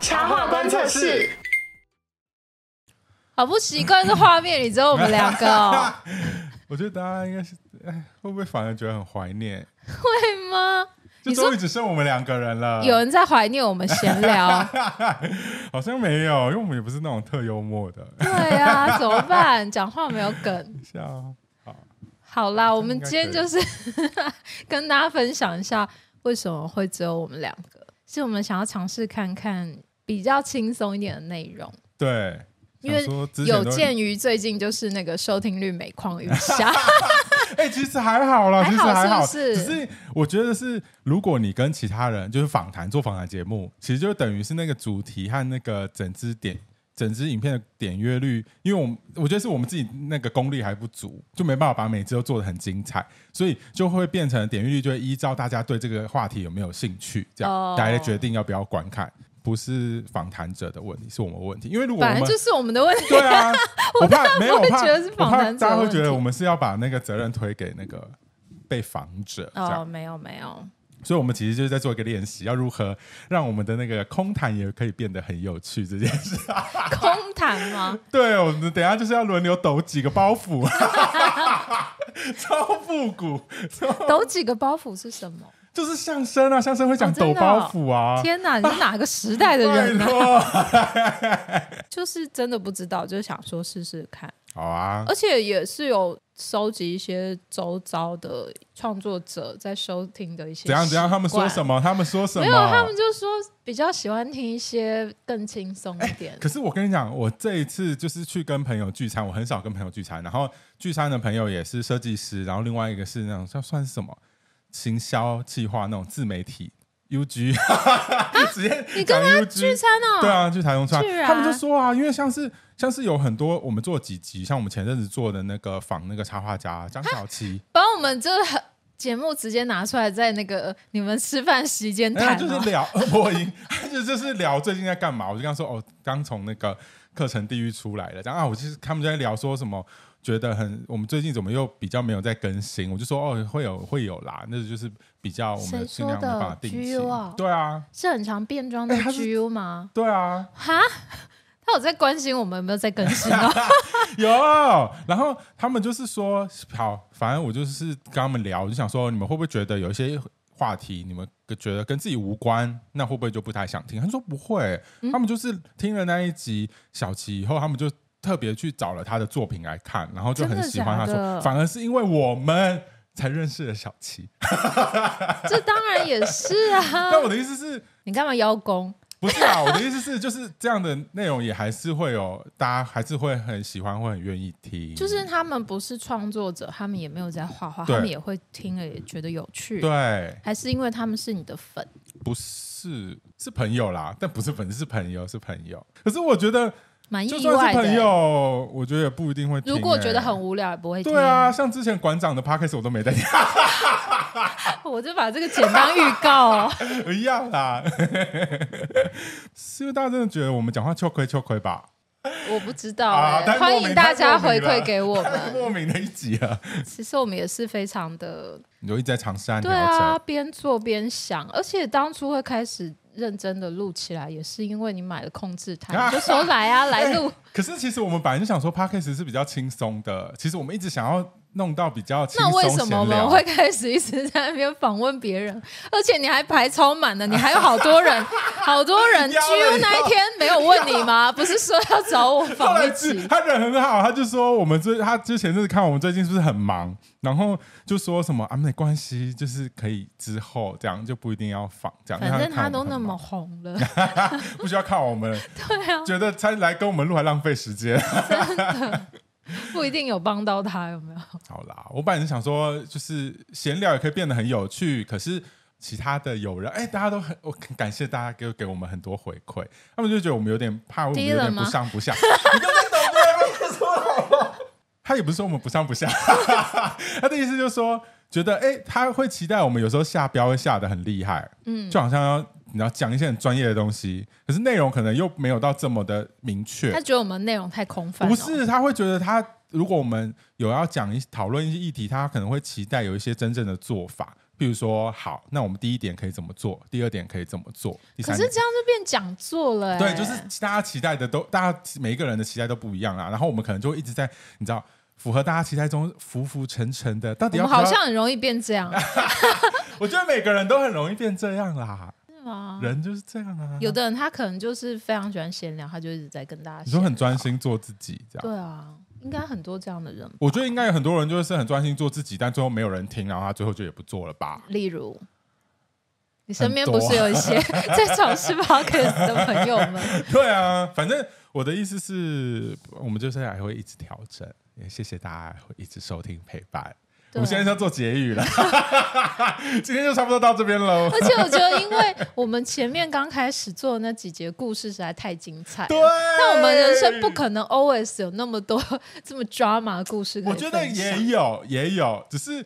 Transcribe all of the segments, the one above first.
插畫觀測室，好不習慣，這畫面裡只有我們兩個、哦、 我覺得大家應該是，唉，會不會反而覺得很懷念？會嗎？就你說就終於只剩我們兩個人了，有人在懷念我們閒聊， 好像沒有，因為我們也不是那種特幽默的。 對呀、啊，怎麼辦？講話沒有梗。哦、好，好啦，我們今天就是 跟大家分享一下，為什麼會只有我們兩個，是我們想要嘗試看看比較輕鬆一點的內容。對。因為有鑑於最近就是那個收聽率每況愈下、 欸，其實還好了，其實還好，還好是，是。只是我覺得是，如果你跟其他人就是訪談做訪談節目，其實就等於是那個主題和那個整支點整支影片的點閱率，因為我們我覺得是我們自己那個功力還不足，就沒辦法把每支都做得很精彩，所以就會變成點閱率就會依照大家對這個話題有沒有興趣這樣、oh. 大家的決定要不要觀看。不是訪談者的問題，是我們問題。因為如果本來就是我們的問題啊，對啊， 我怕 沒有訪談者。 我怕大家會覺得我們是要把那個責任推給那個被訪者。哦，沒有沒有，所以我們其實就是在做一個練習，要如何讓我們的那個空談也可以變得很有趣這件事。 空談嗎？對我們，等下就是要輪流抖幾個包袱， 超復古超。抖幾個包袱是什麼？就是相聲啊，相聲會講抖包袱啊，啊、哦！天哪，你是哪個時代的人呢、啊？ 就是真的不知道，就是想說試試看。好啊，而且也是有收集一些周遭的創作者在收聽的一些怎樣怎樣，他們說什麼？他們說什麼？ 沒有，他們就說比較喜歡聽一些更輕鬆一點、欸。可是我跟你講，我這一次就是去跟朋友聚餐，我很少跟朋友聚餐。然後聚餐的朋友也是設計師，然後另外一個是那種叫算是什麼？行銷計劃那種自媒體，U G 你 直接你跟他聚餐哦？對啊，去台中餐。他們就說啊，因為像是像是有很多我們做幾集，像我們前陣子做的那個訪那個插畫家張小琪，把我們這個節目直接拿出來在那個你們吃飯時間談、哦哎，就是聊我，就 就是聊最近在幹嘛，我就跟他說哦，剛從那個課程地獄出來了，講啊，我其、就、實、是、他們就在聊說什麼。覺得很，我們最近怎麼又比較沒有在更新？我就說哦，會有會有啦，那就是比較我們盡量的定型的，對啊，是很常變裝的 GU 嗎？對啊，哈，他有在關心我們有沒有在更新嗎、啊？ 有，然後他們就是說好，反正我就是跟他們聊，我就想說你們會不會覺得有一些話題，你們覺得跟自己無關，那會不會就不太想聽？他說不會，他們就是聽了那一集、嗯、小齊以後，他們就。特別去找了他的作品來看，然後就很喜歡他說，說反而是因為我們才認識的小七， 這當然也是啊。 但我的意思是，你幹嘛邀功？ 不是啊，我的意思是，就是這樣的內容也還是會有，大家還是會很喜歡，會很願意聽。就是他們不是創作者，他們也沒有在畫畫，他們也會聽了也覺得有趣。對，還是因為他們是你的粉？不是，是朋友啦，但不是粉，是朋友，是朋友。可是我覺得。意外的欸、就算是朋友、欸，我覺得也不一定會、欸。如果覺得很無聊，也不會聽。對啊，像之前館長的 podcast 我都沒聽。 我就把這個簡單預告、喔。 一樣啊啦， 是不是大家真的覺得我們講話吃虧，吃虧吧？我不知道、欸啊，歡迎大家回饋給我們。莫名的一集啊！其實我們也是非常的容易在嘗試啊。對啊，邊做邊想，而且當初會開始。認真的錄起來，也是因為你買了控制台，啊、就說來啊，來錄、欸。可是其實我們本來就想說 Podcast 是比較輕鬆的。其實我們一直想要。弄到比較輕鬆閒聊。那為什麼我們會開始一直在那邊訪問別人？ 而且你還排超滿的，你還有好多人， 好多人。腰腰居為那一天沒有問你嗎？不是說要找我訪問？他人很好，他就說我們最他之前就是看我們最近是不是很忙，然後就說什麼啊沒關係，就是可以之後這樣就不一定要訪。這樣反正他都，他都那麼紅了， 不需要看我們。對啊，覺得他來跟我們錄還浪費時間。不一定有幫到他，有沒有？好啦，我本來是想說，就是閒聊也可以變得很有趣。可是其他的友人，哎、欸，大家都很，我感謝大家給給我們很多回饋。他們就覺得我們有點怕，我們有點不上不下。 你跟我們走， 說好不要，他也不是說我們不上不下， 他的意思就是說，覺得哎、欸，他會期待我們有時候下標會下得很厲害，嗯，就好像要。你要講一些很專業的東西，可是內容可能又沒有到這麼的明確。他覺得我們內容太空泛，不是，他會覺得他，如果我們有要講一，討論一些議題，他可能會期待有一些真正的做法。比如說，好，那我們第一點可以怎麼做？第二點可以怎麼做？可是這樣就變講座了欸。對，就是大家期待的都，大家每一個人的期待都不一樣啊。然後我們可能就一直在，你知道，符合大家期待中浮浮沉沉的。到底要我好像很容易變這樣。 我覺得每個人都很容易變這樣啦。啊，人就是這樣啊。有的人他可能就是非常喜歡閒聊，他就一直在跟大家。你說很專心做自己，這樣。對啊，應該很多這樣的人。我覺得應該有很多人就是很專心做自己，但最後沒有人聽，然後他最後就也不做了吧。例如，你身邊不是有一些 在嘗試 podcast 的朋友們？對啊，反正我的意思是我們就是還會一直調整，也謝謝大家會一直收聽陪伴。我們現在要做結語了， 今天就差不多到這邊了。而且我覺得，因為我們前面剛開始做的那幾節故事實在太精彩，對，但我們人生不可能 always 有那麼多這麼 drama 的故事。我覺得也有，也有，只是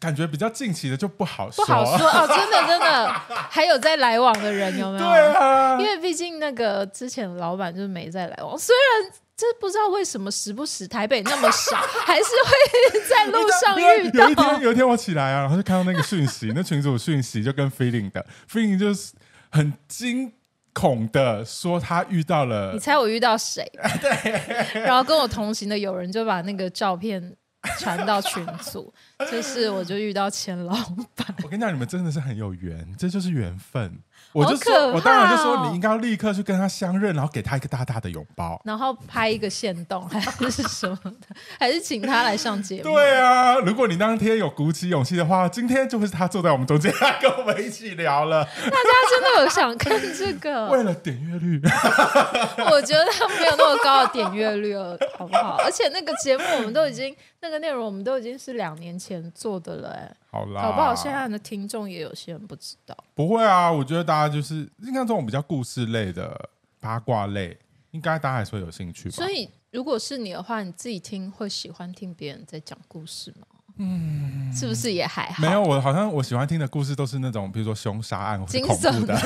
感覺比較近期的就不好說，不好說哦。真的，真的，還有在來往的人有沒有？對啊，因為畢竟那個之前老闆就是沒在來往，雖然。這不知道為什麼時不時台北那麼少， 還是會在路上遇到。有，有一天，有一天我起來啊，然後就看到那個訊息， 那群組訊息就跟 Feeling 的 Feeling 就是很驚恐的說他遇到了。你猜我遇到誰？ 對 然後跟我同行的友人就把那個照片傳到群組， 就是我就遇到前老闆。 我跟你講，你們真的是很有緣，這就是緣分。我就是、喔，我當然就說你應該要立刻去跟他相認，然後給他一個大大的擁抱，然後拍一個限動還是什麼的， 還是請他來上節目。對啊，如果你當天有鼓起勇氣的話，今天就會是他坐在我們中間跟我們一起聊了。大家真的有想看這個？ 為了點閱率？ 我覺得他沒有那麼高的點閱率了好不好？而且那個節目我們都已經。那個內容我們都已經是兩年前做的了，欸，哎，好啦，好不好，現在的聽眾也有些人不知道。不會啊，我覺得大家就是應該這種比較故事類的八卦類，應該大家還是會有興趣吧。所以，如果是你的話，你自己聽會喜歡聽別人在講故事嗎？嗯，是不是也還好？沒有，我好像我喜歡聽的故事都是那種，比如說兇殺案或者恐怖的，的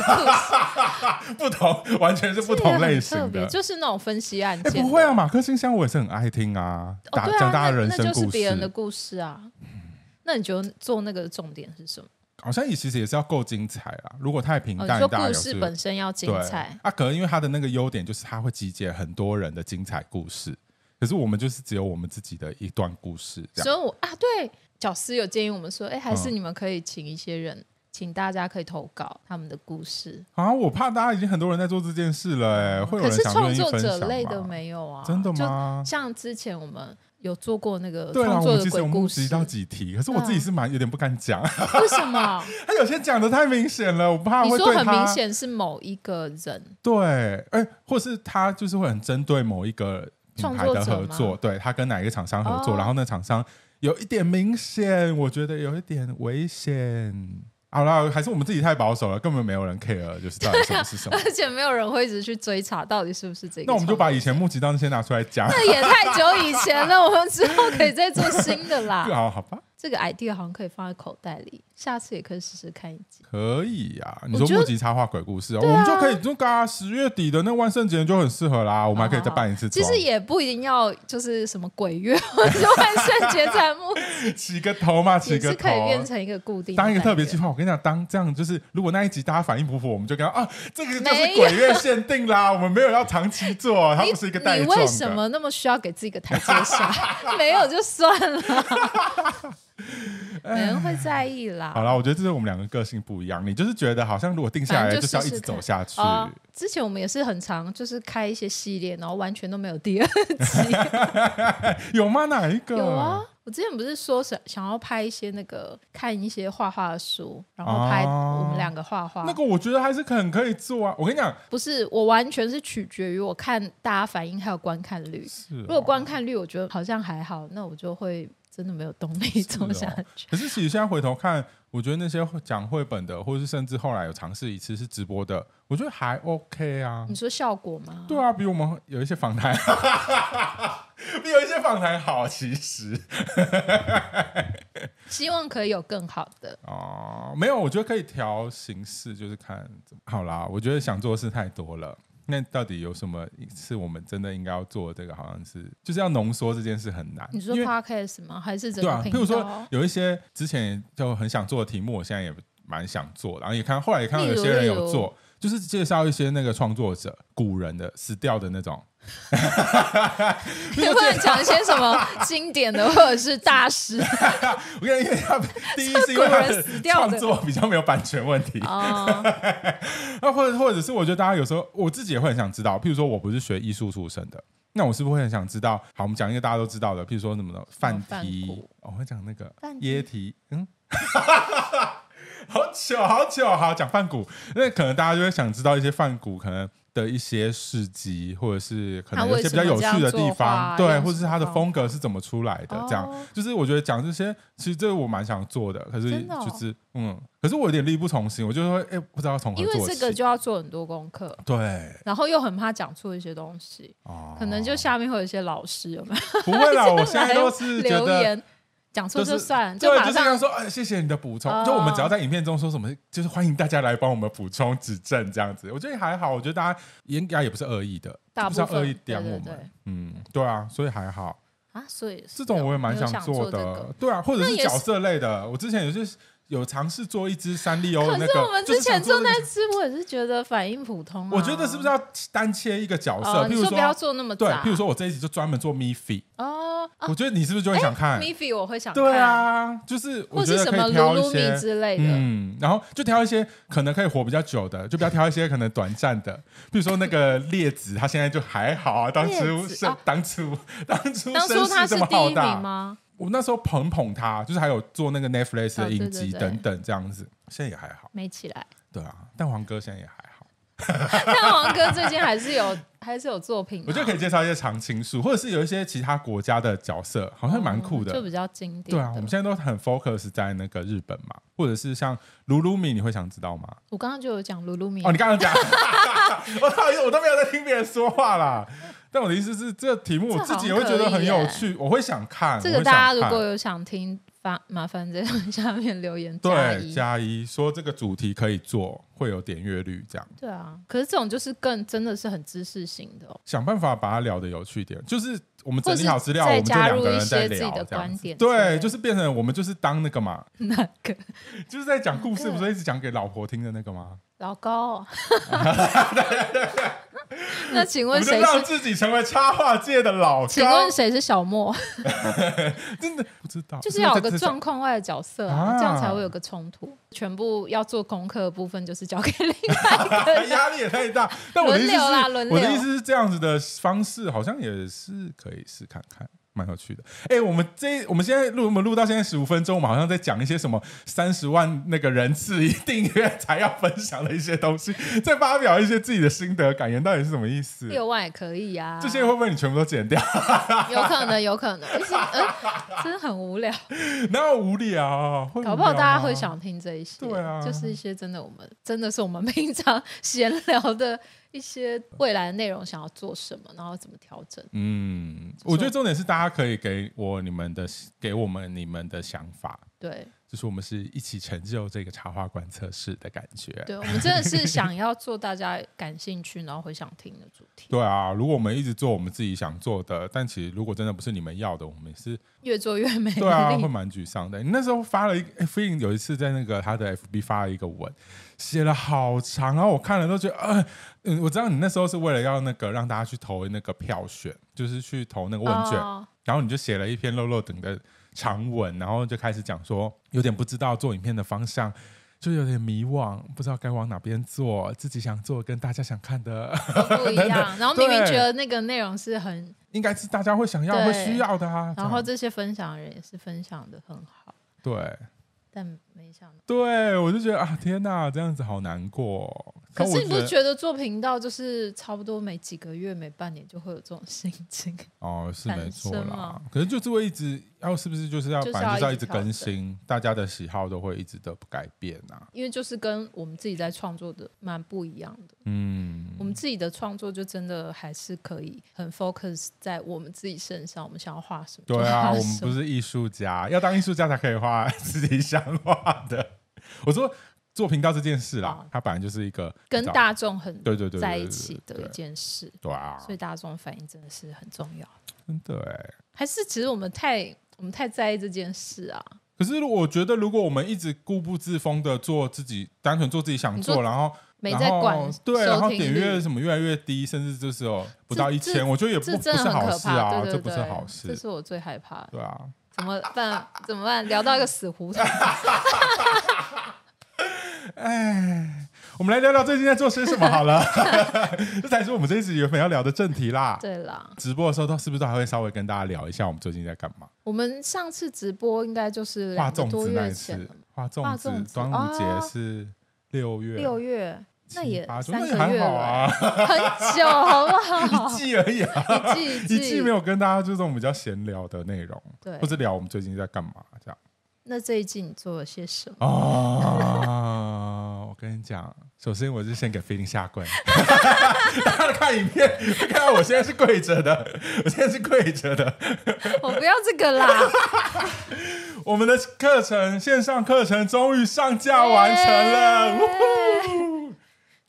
不同，完全是不同類型的，這個、就是那種分析案件、欸。不會啊，馬克信箱，像我也是很愛聽啊，、哦、啊，講大家人生故事。就是別人的故事啊、嗯，那你覺得做那個重點是什麼？好像也其實也是要夠精彩啊，如果太平淡，哦、你說故事本身要精彩啊，可能因為他的那個優點就是他會集結很多人的精彩故事。可是我們就是只有我們自己的一段故事，所以我，我啊，對，小司有建議我們說，哎，還是你們可以請一些人、嗯，請大家可以投稿他們的故事啊。我怕大家已經很多人在做這件事了、嗯，會有人想願意分享嗎？可是創作者類的沒有啊。真的嗎？就像之前我們有做過那個創作的故事，對作、啊、其實我們幾道幾題，可是我自己是蠻有點不敢講，啊、 為什麼？他、哎、有些講得太明顯了，我怕會，你說很明顯是某一個人，對，哎，或是他就是會很針對某一個人。品牌的合作，作，對，他跟哪一個廠商合作，哦、然後那廠商有一點明顯，我覺得有一點危險。好了，還是我們自己太保守了，根本沒有人 care，就是到底是，不是什麼， 而且沒有人會一直去追查到底是不是這個。那我們就把以前募集到那些拿出來講，那也太久以前了，我們之後可以再做新的啦。 好，好吧。這個 idea 好像可以放在口袋裡，下次也可以試試看一集。可以呀、啊，你說木吉插畫鬼故事、哦我，我們就可以、啊、就噶十月底的那萬聖節就很適合啦、啊，我們還可以再辦一次。其實也不一定要就是什麼鬼月或者 萬聖節才目，才 木起個頭嘛，起個頭，也是可以變成一個固定，當一個特別計劃。我跟你講，當這樣就是如果那一集大家反應不符，我們就跟他啊，這個就是鬼月限定啦，我們沒有要長期做，它不是一個代表。你，你為什麼那麼需要給自己一個台階下？ 沒有就算了。 沒人會在意啦。好啦，我覺得這是我們兩個個性不一樣。你就是覺得好像如果定下來就是就是，要一直走下去是是，呃。之前我們也是很常就是開一些系列，然後完全都沒有第二集。 有嗎？哪一個？有啊。我之前不是說想想要拍一些那個看一些畫畫的書，然後拍我們兩個畫畫，啊。那個我覺得還是很可以做啊。我跟你講，不是我完全是取決於我看大家反應還有觀看率。是哦，如果觀看率我覺得好像還好，那我就會。真的沒有動力做下去。哦。可是其實現在回頭看，我覺得那些講繪本的，或是甚至後來有嘗試一次是直播的，我覺得還 OK 啊。你說效果嗎？對啊，比我們有一些訪談好， 比有一些訪談好。其實， 希望可以有更好的哦。呃。沒有，我覺得可以調形式，就是看怎麼好啦。我覺得想做的事太多了。那到底有什麼是我們真的應該要做的？這個好像是就是要濃縮這件事很難。你說 podcast 嗎？還是對啊？比如說有一些之前就很想做的題目，我現在也蠻想做，然後也看後來也看到有些人有做。就是介紹一些那個創作者、古人的死掉的那種， 你會講一些什麼經典的 或者是大師？ 我跟你講，第一是因為他的創作比較沒有版權問題，啊、哦， 或者或者是我覺得大家有時候我自己也會很想知道，譬如說我不是學藝術出身的，那我是不是會很想知道？好，我們講一個大家都知道的，譬如說什麼呢？范題，哦哦、我會講那個耶題，嗯。 好久好久，好，好講梵谷，因為可能大家就會想知道一些梵谷可能的一些事跡，或者是可能一些比較有趣的地方，啊、對，啊、或者是他的風格是怎麼出來的，哦，這樣。就是我覺得講這些，其實這個我蠻想做的，可是就是，哦、嗯，可是我有點力不從心，我就會，說、欸、哎，不知道要從何做起，因為這個就要做很多功課，對，然後又很怕講錯一些東西，哦、可能就下面會有一些老師有沒有？不會啦，我現在都是覺得。講錯就算，就，是、就馬上對、就是、要說、欸，謝謝你的補充、呃。就我們只要在影片中說什麼，就是歡迎大家來幫我們補充指正這樣子。我覺得還好，我覺得大家應該也不是惡意的，大部分不是惡意點我們，對對對。嗯，對啊，所以還好啊。所以這種我也蠻想做的，想做、這個，對啊，或者是角色類的。也是我之前有些。有嘗試做一隻三麗鷗的、那個、可是我們之前做那隻、個就是那個，我也是覺得反應普通啊。我覺得是不是要單切一個角色？比、呃、如說，你說不要做那麼雜。對，比如說我這一集就專門做 Miffy 哦。哦、啊，我覺得你是不是就會想看、欸、Miffy？我會想看。對啊，就是我覺得可以挑一些或是什麼 Lulumi 之類的。嗯，然後就挑一些可能可以活比較久的，就不要挑一些可能短暫的。比如說那個烈子， 他現在就還好啊。當初是當初當初當初他是第一名嗎？我那時候捧捧他，就是還有做那個 Netflix 的影集、等等這樣子，哦、對對對，現在也還好。沒起來。對啊，蛋黃哥現在也還好。 蛋黃哥最近還是有， 還是有作品，啊。我就可以介紹一些常青樹，或者是有一些其他國家的角色，好像蠻酷的，嗯，就比較經典。對啊，我們現在都很 focus 在那個日本嘛，或者是像 Lulumi，你會想知道嗎？我剛剛就有講 Lulumi。哦，你剛剛講， 我不好意思，我都沒有在聽別人說話啦。但我的意思是，這個題目我自己也會覺得很有趣，我會，我會想看。這個大家如果有想聽，發麻煩在下面留言。對，加一，加一說這個主題可以做，會有點閱率這樣。對啊，可是這種就是更真的是很知識型的、哦。想辦法把它聊得有趣一點，就是我們整理好資料，再加我們入一些自己的觀點對，對，就是變成我們就是當那個嘛，那個就是在講故事、那個，不是一直講給老婆聽的那個嗎？老高、哦。 對對對。對那請問誰讓自己成為插畫界的老高？請問誰是小茉？ 真的 不知道，就是要有個狀況外的角色，啊啊，這樣才會有個衝突。全部要做功課的部分，就是交給另外一個人，壓 力也太大。輪流啦，啊，輪流。我的意思是這樣子的方式，好像也是可以試看看。蠻有趣的，哎、欸，我們這我們現在錄，我們錄到現在十五分鐘，我們好像在講一些什麼三十萬那個人次訂閱才要分享的一些東西，再發表一些自己的心得感言，到底是什麼意思？六萬也可以啊，這些會不會你全部都剪掉？ 有可能，有可能、呃，真的很無聊，哪有無聊啊？搞不好大家會想聽這一些，對啊，就是一些真的，我們真的是我們平常閒聊的，一些未來的內容想要做什麼，然後怎麼調整？嗯，我覺得重點是大家可以給我你們的，給我們你們的想法。對。就是我們是一起成就這個插畫觀測室的感覺。對，我們真的是想要做大家感興趣，然後會想聽的主題。 對啊，如果我們一直做我們自己想做的，但其實如果真的不是你們要的，我們也是越做越沒。對啊，會蠻沮喪的。 你那時候發了一 Feeling 有一次在那個他的 FB 發了一個文，寫了好長，然後我看了都覺得、呃，嗯，我知道你那時候是為了要那個讓大家去投那個票選，就是去投那個問卷，哦、然後你就寫了一篇落落長的。常穩，然後就開始講說，有點不知道做影片的方向，就有點迷惘，不知道該往哪邊做，自己想做跟大家想看的不一樣。 然後明明覺得那個內容是很，應該是大家會想要、會需要的啊。然後這些分享的人也是分享的很好。對。但。沒想到，對，我就覺得啊，天哪，這樣子好難過。可是你不是覺得做頻道就是差不多每幾個月、每半年就會有這種心情？哦，是沒錯啦。可是就是會一直要、啊，是不是就是要反就是、要一直更新？大家的喜好都會一直的改變吶。因為就是跟我們自己在創作的蠻不一樣的。嗯，我們自己的創作就真的還是可以很 focus 在我們自己身上，我們想要畫什麼？對啊，就是、我們不是藝術家，要當藝術家才可以畫自己想畫。 的、啊，我說做頻道這件事啦，啊、它本來就是一個跟大眾很對對對在一起的一件事，一一件事，對，對啊，所以大眾反應真的是很重要，對，還是其實我們太我們太在意這件事啊。可是我覺得如果我們一直固步自封的做自己，單純做自己想做，然後沒在管，對，然後點閱什麼越來越低，甚至就是哦不到一千，我覺得也不不是好事啊，對對對對，這不是好事，這是我最害怕的。對啊。怎麼辦？怎麼辦？聊到一個死胡同。 哎，我們來聊聊最近在做些什麼好了，這 才是我們這一集原本要聊的正題啦。對啦，直播的時候，是不是還會稍微跟大家聊一下我們最近在幹嘛？我們上次直播應該就是畫粽子那次，畫粽子，畫粽子。哦，端午節是六月。六月。那也三個月，好啊，三個月了，很久，好不好？ 一季而已、啊， 一季記一季 沒有跟大家就這種比較閒聊的內容對，不是聊我們最近在幹嘛這樣。那這一季你做了些什麼？哦， 我跟你講，首先我是先給 Feeling 下跪， 大家看影片，看我現在是跪着的，我現在是跪着的。 我不要這個啦 ！我們的課程線上課程終於上架完成了。Yeah 呼呼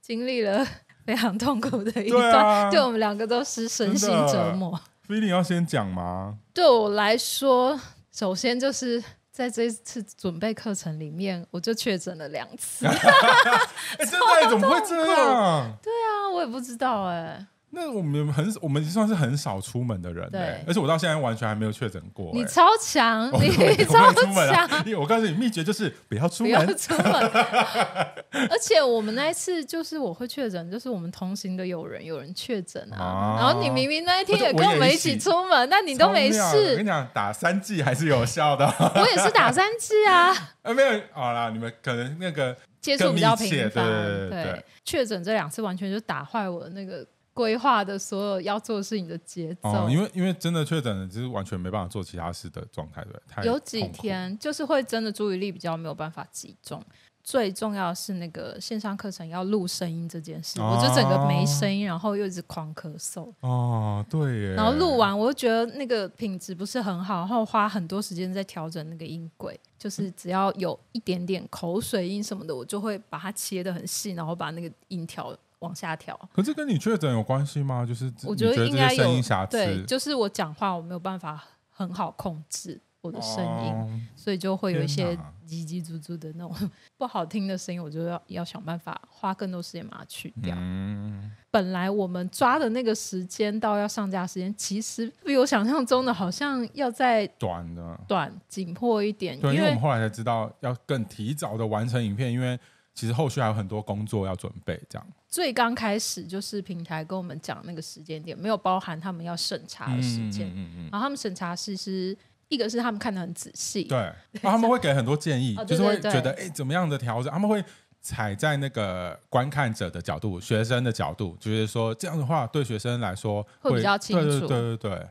經歷了非常痛苦的一段對、啊，對我們兩個都是身心折磨。Feeling 要先講嗎？對我來說，首先就是在這次準備課程裡面，我就確診了兩次。哎、 欸，現在怎麼會這樣、啊？對啊，我也不知道哎、欸。那我們很，我們算是很少出門的人、欸，對，而且我到現在完全還沒有確診過、欸。你超強，oh, 你超強！我、啊、 我告訴你，祕訣就是不要出門，不要出門。 而且我們那一次就是我會確診，就是我們同行的友人有人有人確診啊、哦。然後你明明那一天也跟我們一,一起出門，那你都沒事。我跟你講，打三劑還是有效的。 我也是打三劑啊。呃、啊，沒有，好啦，你們可能那個接觸比較頻繁，對，確診這兩次完全就打壞我的那個。規劃的所有要做事情的節奏，哦、因為因為真的確診了，就是完全沒辦法做其他事的狀態，對，對。有幾天就是會真的注意力比較沒有辦法集中，最重要的是那個線上課程要錄聲音這件事、啊，我就整個沒聲音，然後又一直狂咳嗽，哦對耶。然後錄完我就覺得那個品質不是很好，然後花很多時間在調整那個音軌，就是只要有一點點口水音什麼的，嗯、我就會把它切得很細，然後把那個音調。往下調，可是跟你確診有關係嗎？就是這我覺得應該有這些聲音，對，就是我講話我沒有辦法很好控制我的聲音，哦，所以就會有一些嘰嘰嘟嘟的那種不好聽的聲音，我就要要想辦法花更多時間把它去掉，嗯。本來我們抓的那個時間到要上架時間，其實比我想象中的好像要再短的短，緊迫一點對，因為，因為我們後來才知道要更提早的完成影片，因為。其實後續還有很多工作要準備，這樣最剛開始就是平台跟我們講那個時間點，沒有包含他們要審查的時間，嗯嗯，嗯，嗯然後他們審查其實一個是他們看得很仔細，對，對然後他們會給很多建議，就是會覺得哎、哦、怎麼樣的調整，他們會踩在那個觀看者的角度，學生的角度，就是說這樣的話對學生來說會，會比較清楚，對對對，對，對，對。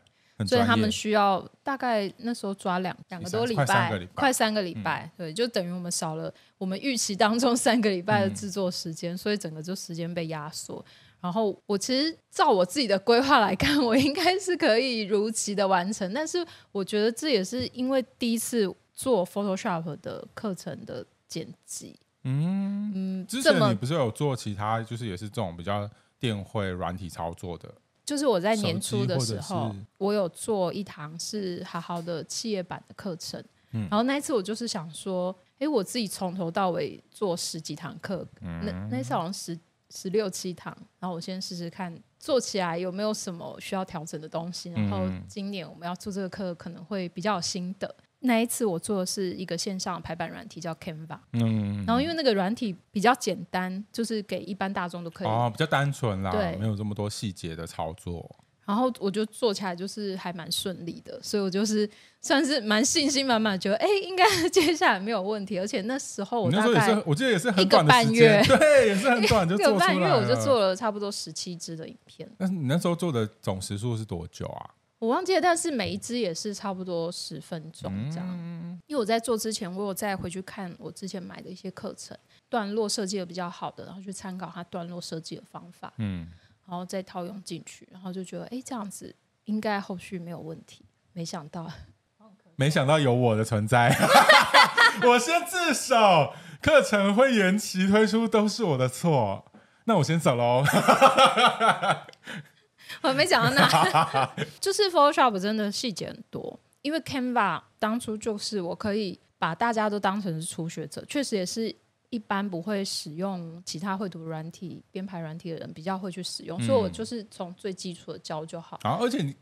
所以他們需要大概那時候抓兩兩個多禮拜，快三個禮拜，嗯，對，就等於我們少了我們預期當中三個禮拜的製作時間，所以整個就時間被壓縮。然後我其實照我自己的規劃來看，我應該是可以如期的完成。但是我覺得這也是因為第一次做 Photoshop 的課程的剪輯，嗯嗯，之前你不是有做其他，就是也是這種比較電繪軟體操作的。就是我在年初的時候，我有做一堂是好好的企業版的課程，嗯，然後那一次我就是想說，誒，我自己從頭到尾做十幾堂課，嗯，那那一次好像十十六七堂，然後我先試試看做起來有沒有什麼需要調整的東西，然後今年我們要做這個課可能會比較有心得。嗯嗯那一次我做的是一個線上排版軟體叫 Canva，嗯，嗯，嗯、然後因為那個軟體比較簡單，就是給一般大眾都可以哦，比較單純啦，對，沒有這麼多細節的操作。然後我就做起來就是還蠻順利的，所以我就是算是蠻信心滿滿，覺得哎，應該接下來沒有問題。而且那時候我那時候也是，我記得也是很短的半月，對，也是很短，就半個月我就做了差不多十七支的影片。那你那時候做的總時數是多久啊？我忘記了，但是每一支也是差不多十分鐘這樣，嗯。因為我在做之前，我有再回去看我之前買的一些課程段落設計的比較好的，然後去參考他段落設計的方法，嗯、然後再套用進去，然後就覺得，哎，這樣子應該後續沒有問題。沒想到，哦、沒想到有我的存在， 我先自首，課程會延期推出都是我的錯，那我先走嘍。 我沒講到那， 就是 Photoshop 真的細節很多，因為 Canva 當初就是我可以把大家都當成是初學者，確實也是一般不會使用其他繪圖軟體、編排軟體的人比較會去使用，嗯、所以我就是從最基礎的教就好。啊、而且你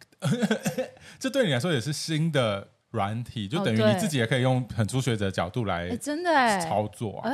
這對你來說也是新的軟體，就等於你自己也可以用很初學者的角度來、啊哦、真的操作。哎，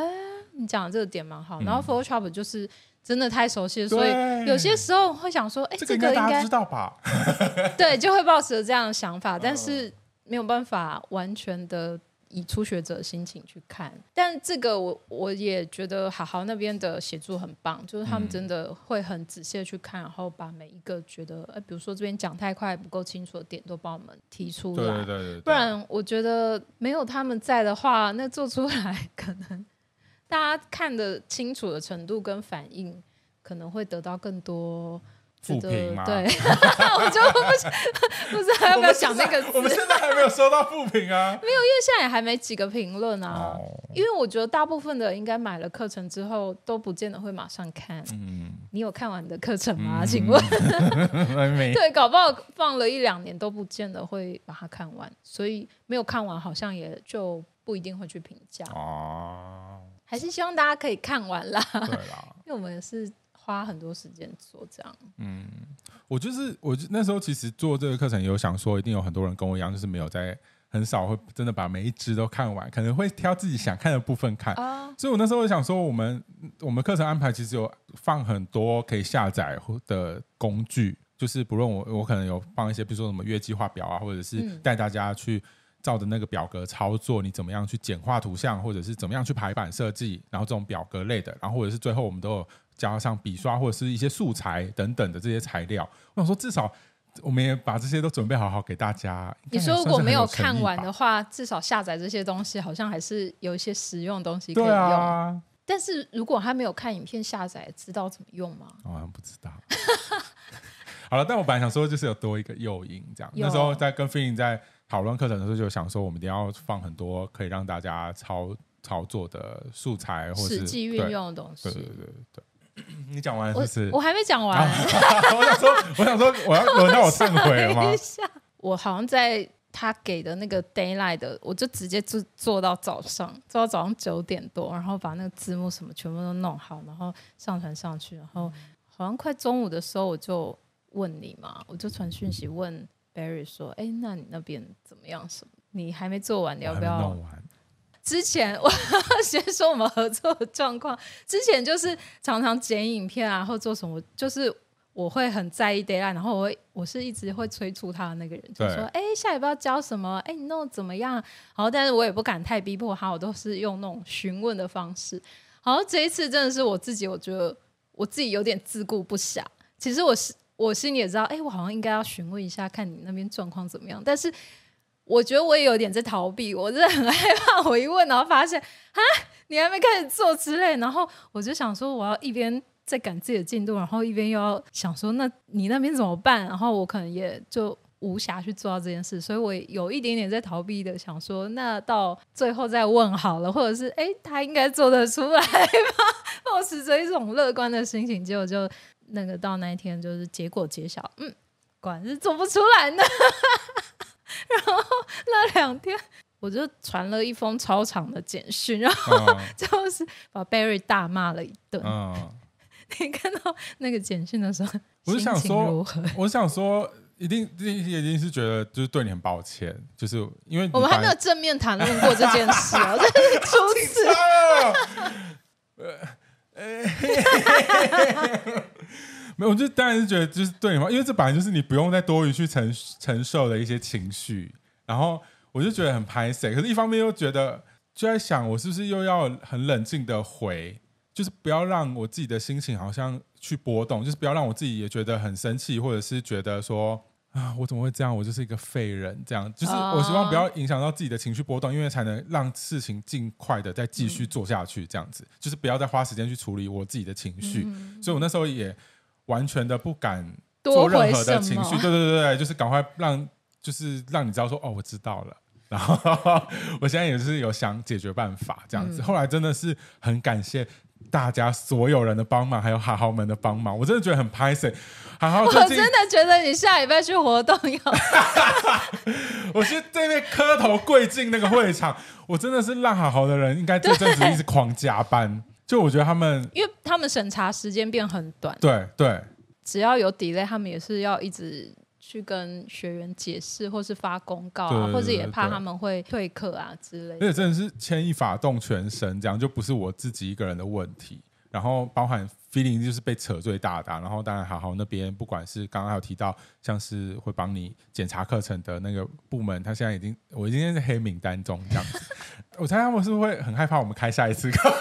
你講的這個點蠻好，嗯、然後 Photoshop 就是。真的太熟悉了，所以有些時候會想說，哎，這個應該知道吧？ 對，就會抱持着這樣的想法，但是沒有辦法完全的以初學者的心情去看。但這個我我也覺得好好那邊的寫作很棒，就是他們真的會很仔細的去看，然後把每一個覺得，誒，比如說這邊講太快不夠清楚的點都幫我們提出來。對對對對對對。不然我覺得沒有他們在的話，那做出來可能。大家看得清楚的程度跟反應，可能會得到更多值得。對， 我就不是 不知道有沒有想那個字我們現在還沒有收到負評啊！ 沒有，因為現在也還沒幾個評論啊。哦。因為我覺得大部分的應該買了課程之後都不見得會馬上看，嗯。你有看完的課程嗎？嗯、請問 完美？對，搞不好放了一兩年都不見得會把它看完，所以沒有看完好像也就不一定會去評價。哦還是希望大家可以看完啦，對啦，因為我們是花很多時間做這樣。嗯，我就是我就那時候其實做這個課程也有想說，一定有很多人跟我一樣，就是沒有在很少會真的把每一支都看完，可能會挑自己想看的部分看。嗯，所以，我那時候就想說我，我們我們課程安排其實有放很多可以下載的工具，就是不論我我可能有放一些，比如說什麼月計劃表啊，或者是帶大家去。嗯照的那個表格操作，你怎麼樣去簡化圖像，或者是怎麼樣去排版設計，然後這種表格類的，然後或者是最後我們都有加上筆刷或者是一些素材等等的這些材料。我想說，至少我們也把這些都準備好好給大家。你說如果沒有看完的話，至少下載這些東西，好像還是有一些實用東西可以用。對啊。但是如果還沒有看影片，下載，知道怎麼用嗎？好像不知道。 好了，但我本來想說就是有多一個誘因這樣，那時候在跟 Feeling 在。討論課程的時候就想說，我們一定要放很多可以讓大家操操作的素材，或是實際運用的東西。對對對，對，對，咳咳，你講完是不是我？我還沒講完。啊、 我想說，我想說，我要 輪到我懺悔了嗎？我好像在他給的那個 deadline 的，我就直接做做到早上，做到早上九點多，然後把那個字幕什麼全部都弄好，然後上傳上去。然後好像快中午的時候，我就問你嘛，我就傳訊息問。Barry 說：“哎、欸，那你那邊怎麼樣？什麼？你還沒做完，你要不要？”完之前我先說我們合作的狀況。之前就是常常剪影片啊，或做什麼，就是我會很在意 Deadline，然後我會我是一直會催促他的那個人，就說：“哎、欸，下一步要交什麼？哎、欸，你弄怎麼樣？”然後，但是我也不敢太逼迫他，我都是用那種詢問的方式。好，這一次真的是我自己，我覺得我自己有點自顧不暇。其實我是。我心裡也知道，哎、欸，我好像應該要詢問一下，看你那邊狀況怎麼樣。但是我覺得我也有點在逃避，我真的很害怕。我一問，然後發現啊，你還沒開始做之類。然後我就想說，我要一邊在趕自己的進度，然後一邊又要想說，那你那邊怎麼辦？然後我可能也就無暇去做到這件事，所以我有一點點在逃避的，想說那到最後再問好了，或者是哎、欸，他應該做得出來吧？抱持着一種樂觀的心情，結果就。那個到那一天就是結果揭曉，嗯，果然是做不出來呢。 然後那兩天我就傳了一封超長的簡訊，然後就是把 Barry 大罵了一頓、嗯嗯。你看到那個簡訊的時候，我是想說，如何我是想說，一定一定一定是覺得就是對你很抱歉，就是因為我們還沒有正面談論過這件事、啊， 這是初次。 沒有，我就當然是覺得就是對方，因為這本來就是你不用再多餘去承承受的一些情緒，然後我就覺得很拍謝，可是一方面又覺得就在想，我是不是又要很冷靜的回，就是不要讓我自己的心情好像去波動，就是不要讓我自己也覺得很生氣，或者是覺得說。啊！我怎麼會這樣？我就是一個廢人，這樣就是我希望不要影響到自己的情緒波動，啊、因為才能讓事情儘快的再繼續做下去。嗯、這樣子就是不要再花時間去處理我自己的情緒、嗯，所以我那時候也完全的不敢做任何的情緒。對對對對，就是趕快讓就是讓你知道說哦，我知道了。然後呵呵我現在也是有想解決辦法這樣子、嗯。後來真的是很感謝大家所有人的幫忙，還有哈豪們的幫忙，我真的覺得很歹勢好好我真的覺得你下禮拜去活動要， 我去對面磕頭跪進那個會場， 我真的是讓好好的人，應該這陣子一直狂加班。就我覺得他們，因為他們審查時間變很短，對對，只要有 delay，他們也是要一直去跟學員解釋，或是發公告、啊對對對對對對，或者也怕他們會退課啊之類的。而且真的是牽一髮動全身，這樣就不是我自己一個人的問題，然後包含。B 零就是被扯最大的啊，然後當然好好那邊不管是剛剛還有提到像是會幫你檢查課程的那個部門，他現在已經我今天在黑名單中這樣子， 我猜他們是不是會很害怕我們開下一次課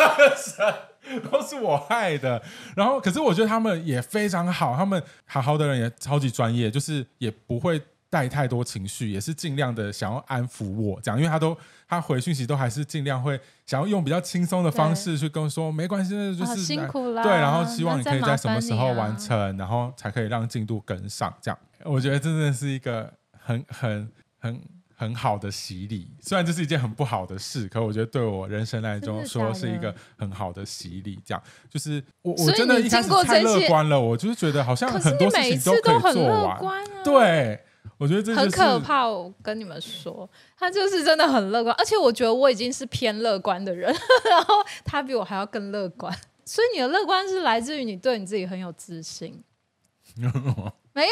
都是我害的，然後可是我覺得他們也非常好，他們好好的人也超級專業，就是也不會。帶太多情緒也是盡量的想要安撫我這樣，因為他都他回訊息都還是盡量會想要用比較輕鬆的方式去跟我說沒關係那就是、啊、辛苦了，對，然後希望你可以在什麼時候完成，啊、然後才可以讓進度跟上，這樣，我覺得真的是一個很很很很好的洗禮。雖然這是一件很不好的事，可我覺得對我人生來說，說是一個很好的洗禮。這樣的的，就是我我真的一開始太樂觀了，我就是覺得好像很多事情都可以做完，對。我覺得很可怕、哦，嗯、我跟你們說，他就是真的很樂觀，而且我覺得我已經是偏樂觀的人呵呵，然後他比我還要更樂觀，所以你的樂觀是來自於你對你自己很有自信。 沒有，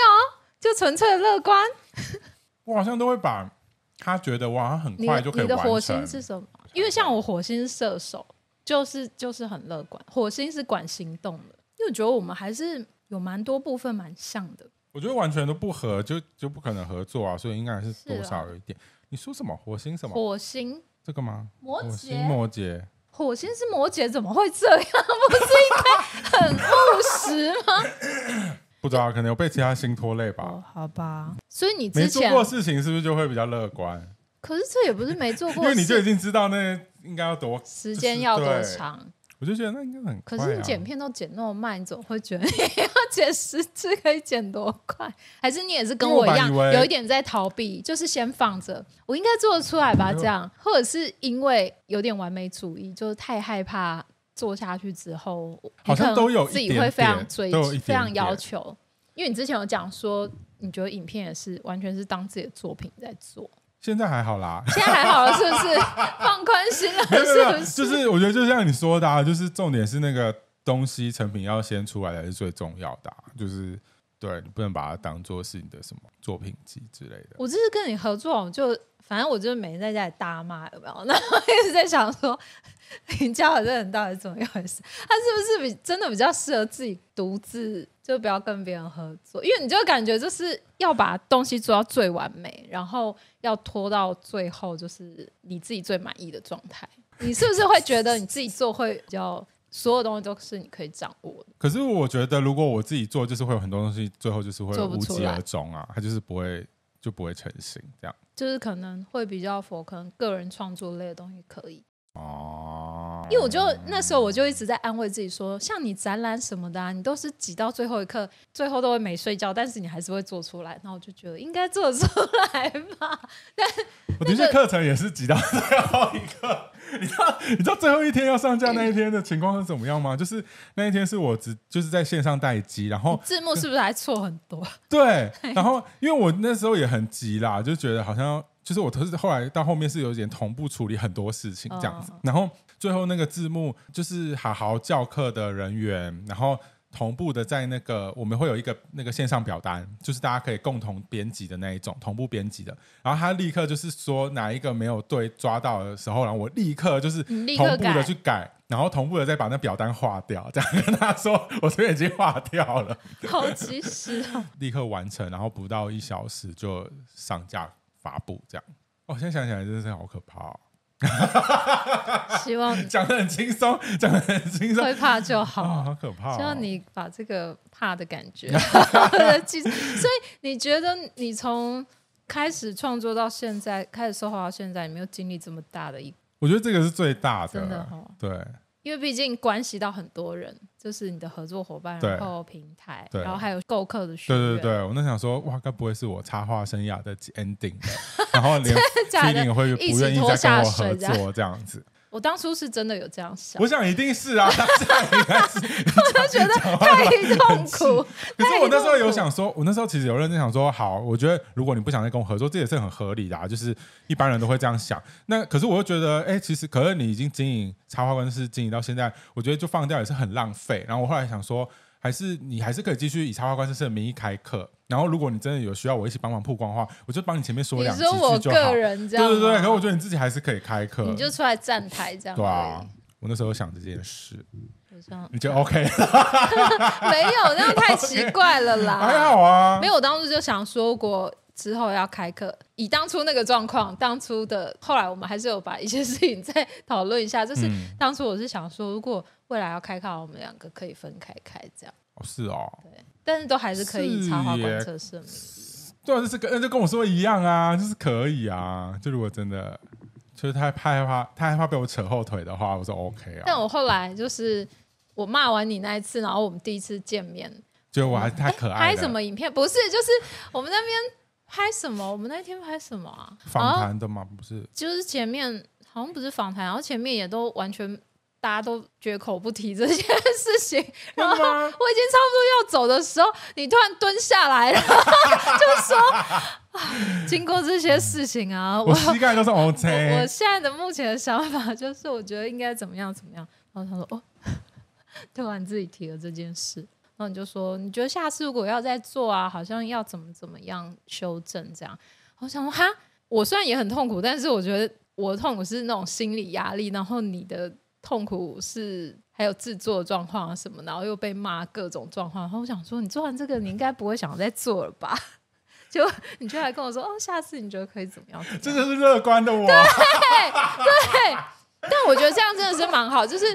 就純粹的樂觀。 我好像都會把他覺得，哇，他很快就可以完成。你的你的火星是什麼？因為像我火星是射手，就是就是很樂觀，火星是管行動的，因為我覺得我們還是有蠻多部分蠻像的。我覺得完全都不合，就就不可能合作啊，所以應該還是多少有一點。啊、你說什麼火星什麼火星這個嗎？摩羯、火星摩羯，火星是摩羯，怎麼會這樣？不是應該很務實嗎？ 不知道，可能有被其他星拖累吧、哦。好吧，嗯、所以你之前沒做過事情，是不是就會比較樂觀？可是這也不是沒做過事， 因為你就已經知道那應該要多時間要多長、就是，我就覺得那應該很快、啊。可是你剪片都剪那麼慢，你怎麼會覺得？剪十次可以剪多快？還是你也是跟我一樣，有一點在逃避，就是先放着。我應該做得出來吧？這樣，或者是因為有點完美主義，就是太害怕做下去之後，好像都有一點，點自己會非常追點點，非常要求。因為你之前有講說，你覺得影片也是完全是當自己的作品在做。現在還好啦，現在還好，是不是 放寬心了？是不是沒有沒有？就是我覺得就像你說的啊，就是重點是那個。東西成品要先出來才是最重要的，就是對，你不能把它當做是你的什麼作品集之類的。我就是跟你合作，就反正我就是每天在家裡大罵，有沒有？然後一直在想說，你家這人到底怎麼回事？他是不是比真的比較適合自己獨自，就不要跟別人合作？因為你這個感覺就是要把東西做到最完美，然後要拖到最後，就是你自己最滿意的狀態。你是不是會覺得你自己做會比較？所有東西都是你可以掌握的。可是我覺得，如果我自己做，就是會有很多東西，最後就是會無疾而終啊，它就是不會，就不會成型這樣。就是可能會比較佛，可能個人創作類的東西可以。哦，因為我就那時候我就一直在安慰自己說，像你展覽什麼的啊，你都是擠到最後一刻，最後都會沒睡覺，但是你還是會做出來。那我就覺得應該做出來吧但。我的確課程也是擠到最後一刻，你知道，你知道最後一天要上架那一天的情況是怎麼樣嗎？就是那一天是我只就是在線上待機，然後字幕是不是還錯很多？對，然後因為我那時候也很急啦，就覺得好像。就是我都是後來到後面是有點同步處理很多事情這樣子，Oh.，然後最後那個字幕就是好好教課的人員，然後同步的在那個我們會有一個那個線上表單，就是大家可以共同編輯的那一種同步編輯的，然後他立刻就是說哪一個沒有對抓到的時候，然後我立刻就是同步的去改，然後同步的再把那表單劃掉，這樣跟他說我這邊已經劃掉了，好及時啊，立刻完成，然後不到一小時就上架。發布這樣，我現在想起來真的是好可怕、哦。 希望你講的很輕鬆，講的很輕鬆，會怕就好，哦、好可怕、哦。希望你把這個怕的感覺記。 所以你覺得你從開始創作到現在，開始收穫到現在，你沒有經歷這麼大的一？我覺得這個是最大的，真的、哦，對。因為畢竟關係到很多人，就是你的合作夥伴，然後平台，然後還有購客的需求。對對對，我那想說，哇，該不會是我插畫生涯的 ending？的 然後連 e n 會不願意再跟我合作這樣，這樣子。我當初是真的有這樣想，我想一定是啊，但是是 你講 我都覺得太痛苦。可是我那時候有想說，我那時候其實有認真想說，好，我覺得如果你不想再跟我合作，這也是很合理的，啊，就是一般人都會這樣想。那可是我又覺得，哎，欸，其實可能你已經經營插畫工作室經營到現在，我覺得就放掉也是很浪費。然後我後來想說。還是你還是可以繼續以插花工作室的名義開課，然後，如果你真的有需要我一起幫忙曝光的話，我就幫你前面說兩幾人就好人這樣。對對對，可是我覺得你自己還是可以開課，你就出來站台這樣。對啊，對我那時候想這件事，我這樣你就 OK， 沒有那樣太奇怪了啦，OK。還好啊，沒有。我當初就想說過之後要開課，以當初那個狀況，當初的後來我們還是有把一些事情再討論一下。就是、嗯、當初我是想說，如果未來要開課，我們兩個可以分開開，這樣。哦，是哦。對，但是都還是可以插畫觀測室。對啊，就是跟就跟我說一樣啊，就是可以啊。就如果真的就是他害怕，他害怕被我扯後腿的話，我說 OK 啊。但我後來就是我罵完你那一次，然後我們第一次見面，就我還是太可愛、嗯。拍什麼影片？不是，就是我們那邊拍什麼？我們那天拍什麼啊？訪談的嘛，不是、啊。就是前面好像不是訪談，然後前面也都完全。大家都絕口不提這件事情，然後我已經差不多要走的時候，你突然蹲下來了， 就說，啊，經過這些事情啊，我，我膝蓋都是 OK。我現在的目前的想法就是，我覺得應該怎麼樣怎麼樣。然後他說哦，突然自己提了這件事，然後你就說你覺得下次如果要再做啊，好像要怎麼怎麼樣修正這樣。我想說哈，我雖然也很痛苦，但是我覺得我的痛苦是那種心理壓力，然後你的。痛苦是還有製作狀況啊什麼，然後又被罵各種狀況，然後我想說你做完這個你應該不會想再做了吧？就你就還跟我說哦，下次你覺得可以怎麼樣？真的是樂觀的我。對對， 但我覺得這樣真的是蠻好，就是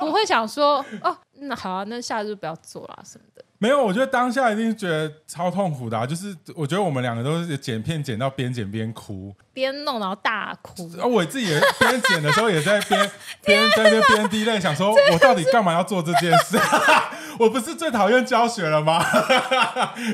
我會想說哦，那好啊，那下次就不要做了、啊、什麼的。沒有，我覺得當下一定覺得超痛苦的、啊，就是我覺得我們兩個都是剪片剪到邊剪邊哭，邊弄然後大哭。啊、哦，我自己也邊剪的時候也在邊 邊在那邊邊滴淚，想說我到底幹嘛要做這件事？這個、 我不是最討厭教學了嗎？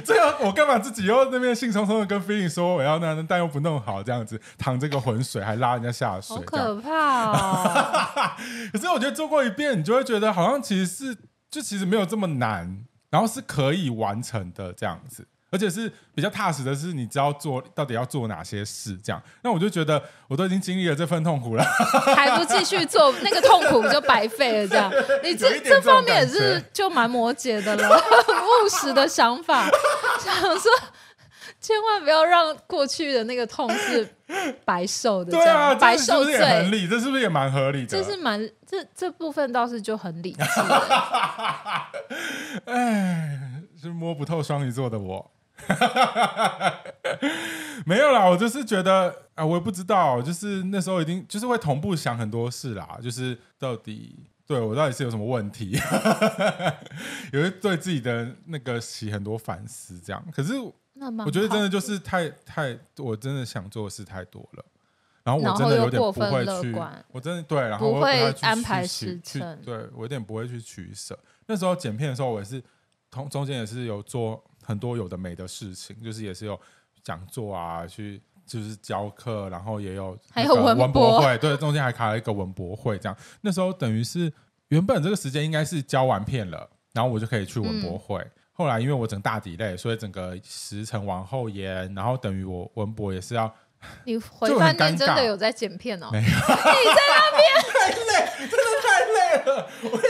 這 樣我幹嘛自己又那邊興沖冲的跟菲 g 說我要那，但又不弄好，這樣子淌這個渾水還拉人家下水，好可怕、哦！ 可是我覺得做過一遍，你就會覺得好像其實是就其實沒有這麼難。然後是可以完成的這樣子，而且是比較踏實的，是你知道做到底要做哪些事這樣。那我就覺得，我都已經經歷了這份痛苦了，還不繼續做，那個痛苦就白費了。這樣，你這 這方面也是就蠻摩羯的了，務實的想法，想說。千萬不要讓過去的那個痛是白受的。對啊，白受罪，這是不是也很理，對。這是不是也蠻合理的？這是蠻這這部分倒是就很理智。哎， 是摸不透雙魚座的我。 沒有啦，我就是覺得啊、呃，我也不知道，就是那時候已經就是會同步想很多事啦，就是到底對我到底是有什麼問題， 有一對自己的那個起很多反思，這樣可是。我覺得真的就是太太，我真的想做的事太多了，然後我真的有點不會去，我真的對，然後我不會安排時間，對我有點不會去取捨。那時候剪片的時候我也，我是同中間也是有做很多有的沒的事情，就是也是有講座啊，去就是教課，然後也有還有文博會，對，中間還開了一個文博會，這樣，那時候等於是原本這個時間應該是交完片了，然後我就可以去文博會。嗯後來因為我整個大 delay，所以整個時程往後延，然後等於我文博也是要，你回飯店真的有在剪片哦？沒有， 你在那邊太累， 真的太累了。 我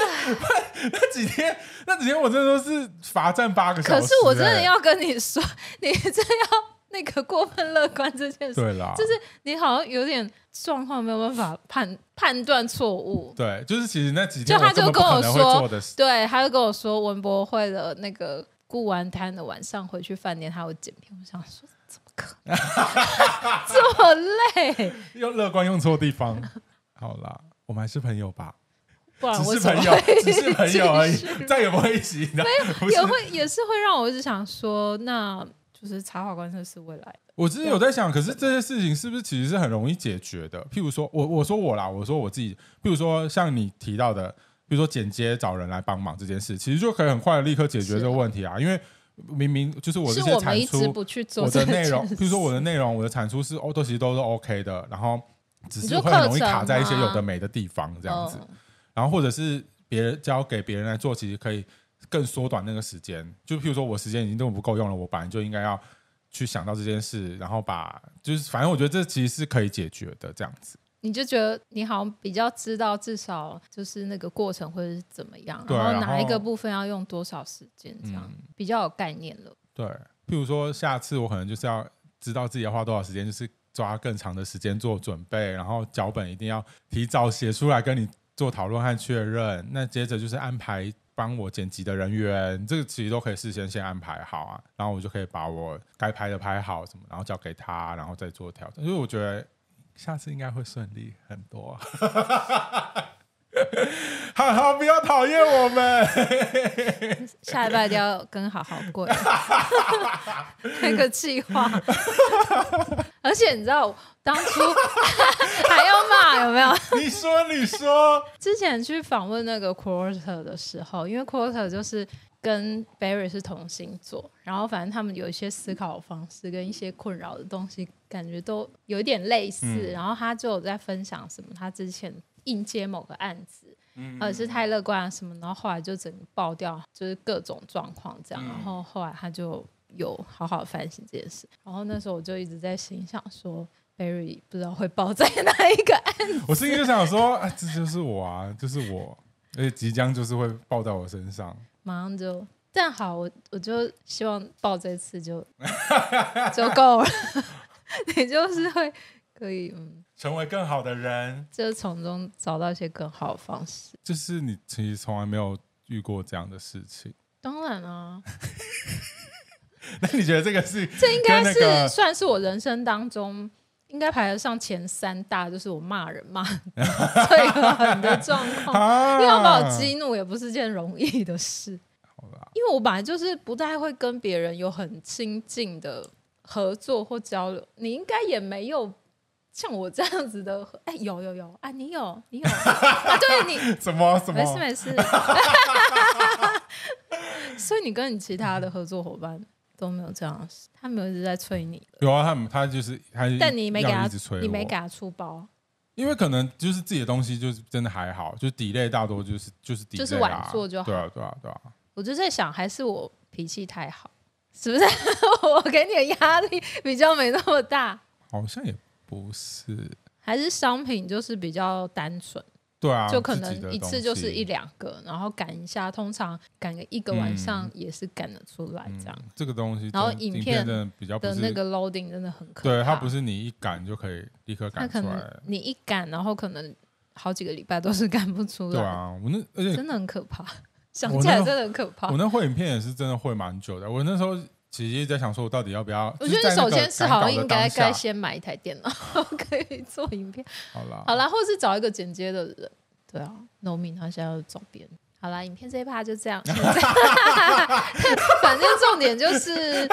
那幾天，那幾天我真的都是罰站八個小時。可是我真的要跟你說，你真要。那個過分樂觀這件事，對啦，就是你好像有點狀況，沒有辦法判、嗯、判斷錯誤。對，就是其實那幾天就他就跟我說，對，他就跟我說文博會的那個顧完攤的晚上回去飯店他有剪片，我想說怎麼可能 這麼累？又樂觀用錯地方。好啦，我們還是朋友吧，哇只是朋友，只是朋友而已，再也不會一起。沒有，也會也是會讓我一直想說那。就是插畫觀測室未來的。我之前有在想，可是這些事情是不是其實是很容易解決的？譬如說，我我說我啦，我說我自己，譬如說像你提到的，比如說剪接找人來幫忙這件事，其實就可以很快的立刻解決這個問題啊！啊因為明明就是我，些是我這些產出，我的內容，譬如說我的內容，我的產出是哦都其實都是 OK 的，然後只是會很容易卡在一些有的沒的地方這樣子，哦，然後或者是別人交給別人來做，其實可以。更縮短那個時間，就譬如說我時間已經這麼不夠用了，我本來就應該要去想到這件事，然後把就是反正我覺得這其實是可以解決的這樣子。你就覺得你好像比較知道至少就是那個過程會是怎麼樣，然後哪一個部分要用多少時間這樣，嗯、比較有概念了。對，譬如說下次我可能就是要知道自己要花多少時間，就是抓更長的時間做準備，然後腳本一定要提早寫出來跟你做討論和確認，那接着就是安排。幫我剪輯的人員，這個其實都可以事先先安排好啊，然後我就可以把我該拍的拍好什麼，然後交給他，然後再做調整。所以我覺得下次應該會順利很多。 哈哈，不要討厭我們 。下禮拜就要跟好好過一下， 那個計劃 而且你知道，當初 還要罵有沒有？你說你說，之前去訪問那個 Quarter 的時候，因為 Quarter 就是跟 Barry 是同星座，然後反正他們有一些思考方式跟一些困擾的東西，感覺都有一點類似、嗯。然後他就有在分享什麼，他之前應接某個案子，嗯、而是太樂觀啊什麼，然後後來就整個爆掉，就是各種狀況這樣、嗯。然後後來他就。有好好反省這件事，然後那時候我就一直在心想說，Barry 不知道會報在哪一個案子。我心裡就想說，哎，這就是我啊，就是我，而且即將就是會報在我身上，馬上就這好，我我就希望報這次就就夠了， 你就是會可以、嗯、成為更好的人，就從中找到一些更好的方式。就是你其實從來沒有遇過這樣的事情，當然啊。 那你覺得這個是？這應該是算是我人生當中應該排得上前三大，就是我罵人罵最狠的狀況，因為我把我激怒也不是件容易的事。因為我本來就是不太會跟別人有很親近的合作或交流。你應該也沒有像我這樣子的，哎，有有有啊你有，你有你有啊，對，你什麼什麼沒事沒事。 所以你跟你其他的合作夥伴。都沒有這樣，他沒有一直在催你。有啊，他他就是他一，但你沒給他，一直催你沒給他出包啊？因為可能就是自己的東西，就是真的還好，就是 delay 大多就是就是 delay 就是晚做就好，對啊對啊對啊。我就在想，還是我脾氣太好，是不是？ 我給你的壓力比較沒那麼大，好像也不是，還是商品就是比較單純。對啊，就可能一次就是一兩個，然後趕一下，通常趕個一個晚上也是趕得出來這樣。嗯嗯、這個東西，然後影片的比較不的那個 loading 真的很可怕。對，它不是你一趕就可以立刻趕出來。那可能你一趕，然後可能好幾個禮拜都是趕不出來。對啊，我那而且真的很可怕，想起來真的很可怕，我。我那會影片也是真的會蠻久的，我那時候。其實在想說，我到底要不要？我覺得你首先是好，應該該先買一台電腦， 可以做影片。好啦，好啦，或是找一個剪接的人。對啊，農、no、民他現在要找別人。好啦，影片這一趴就這樣。 反正重點就是，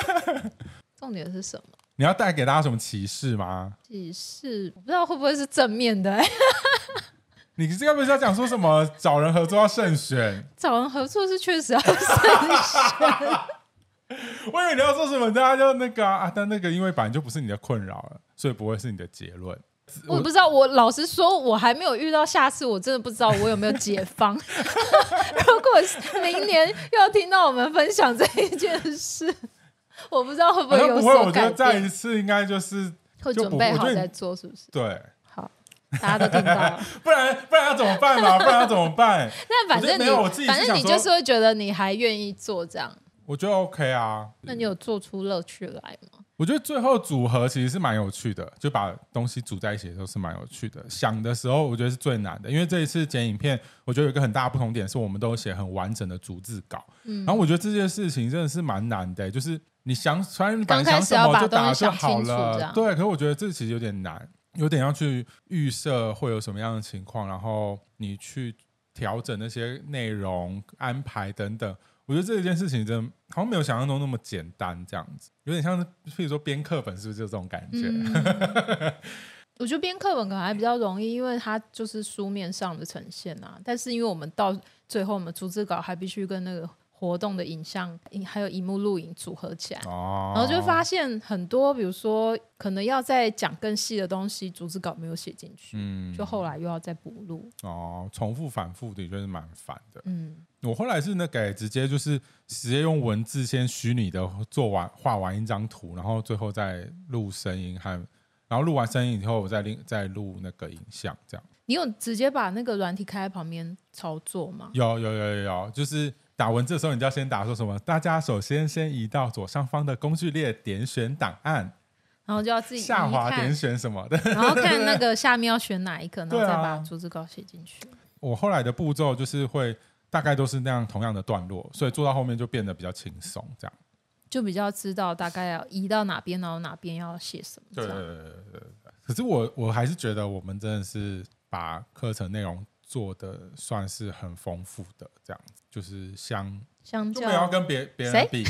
重點是什麼？你要帶給大家什麼啟示嗎？啟示我不知道會不會是正面的、欸。 你這個不是要講說什麼？找人合作要慎選。找人合作是確實要慎選。 我以為你要做什麼、啊，大家就那個啊，啊，但那個因為本來就不是你的困擾了，所以不會是你的結論。我不知道，我老實說，我還沒有遇到下次，我真的不知道我有沒有解方。 如果明年又要聽到我們分享這一件事，我不知道會不會有所不會。我覺得再一次應該就是會準備好再做，是不是？對，好，大家都聽到了 不。不然不然要怎麼辦嘛？不然要怎麼辦？ 那反正你反正你就是會覺得你還願意做這樣。我覺得 OK 啊，那你有做出樂趣來嗎？我覺得最後組合其實是蠻有趣的，就把東西組在一起的時候是蠻有趣的。想的時候我覺得是最難的，因為這一次剪影片，我覺得有一個很大不同點是，我們都有寫很完整的逐字稿。然後我覺得這件事情真的是蠻難的，就是你想，反正你想什麼就打就好了。對，可是我覺得這其實有點難，有點要去預設會有什麼樣的情況，然後你去調整那些內容安排等等。我覺得這件事情真的好像沒有想象中那麼簡單，這樣子有點像是，比如說編課本是不是就這種感覺？嗯、 我覺得編課本可能還比較容易，因為它就是書面上的呈現啊。但是因為我們到最後，我們逐字稿還必須跟那個。活動的影像還有熒幕錄影組合起來，哦、然後就發現很多，比如說可能要再講更細的東西，組織稿沒有寫進去，嗯，就後來又要再補錄。哦，重複反覆的確是蠻煩的。嗯，我後來是那個、欸、直接就是直接用文字先虛擬的做完畫完一張圖，然後最後再錄聲音，還然後錄完聲音以後，我再另再錄那個影像。這樣，你有直接把那個軟體開在旁邊操作嗎？有有有有有，就是。打文字的時候，你就要先打說，什麼？大家首先先移到左上方的工具列，點選檔案，然後就要自己下滑點選什麼，然後看那個下面要選哪一個， 啊、然後再把逐字稿寫進去。我後來的步驟就是會大概都是那樣同樣的段落，所以做到後面就變得比較輕鬆，這樣就比較知道大概要移到哪邊，然後哪邊要寫什麼。對對對對，對對對對。可是我我還是覺得我們真的是把課程內容。做的算是很豐富的，這樣就是相相較，不要跟別別人比。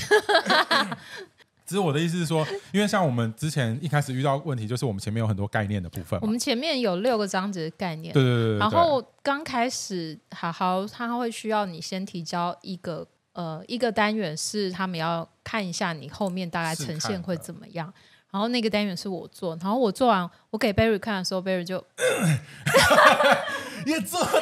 只是我的意思是說，因為像我們之前一開始遇到問題，就是我們前面有很多概念的部分。我們前面有六個章節的概念。對對對對。然後剛開、開始，好好，他會需要你先提交一個呃一個單元，是他們要看一下你後面大概呈現會怎麼樣。然後那個單元是我做，然後我做完，我給 Barry 看的時候，Barry、嗯、就。 想說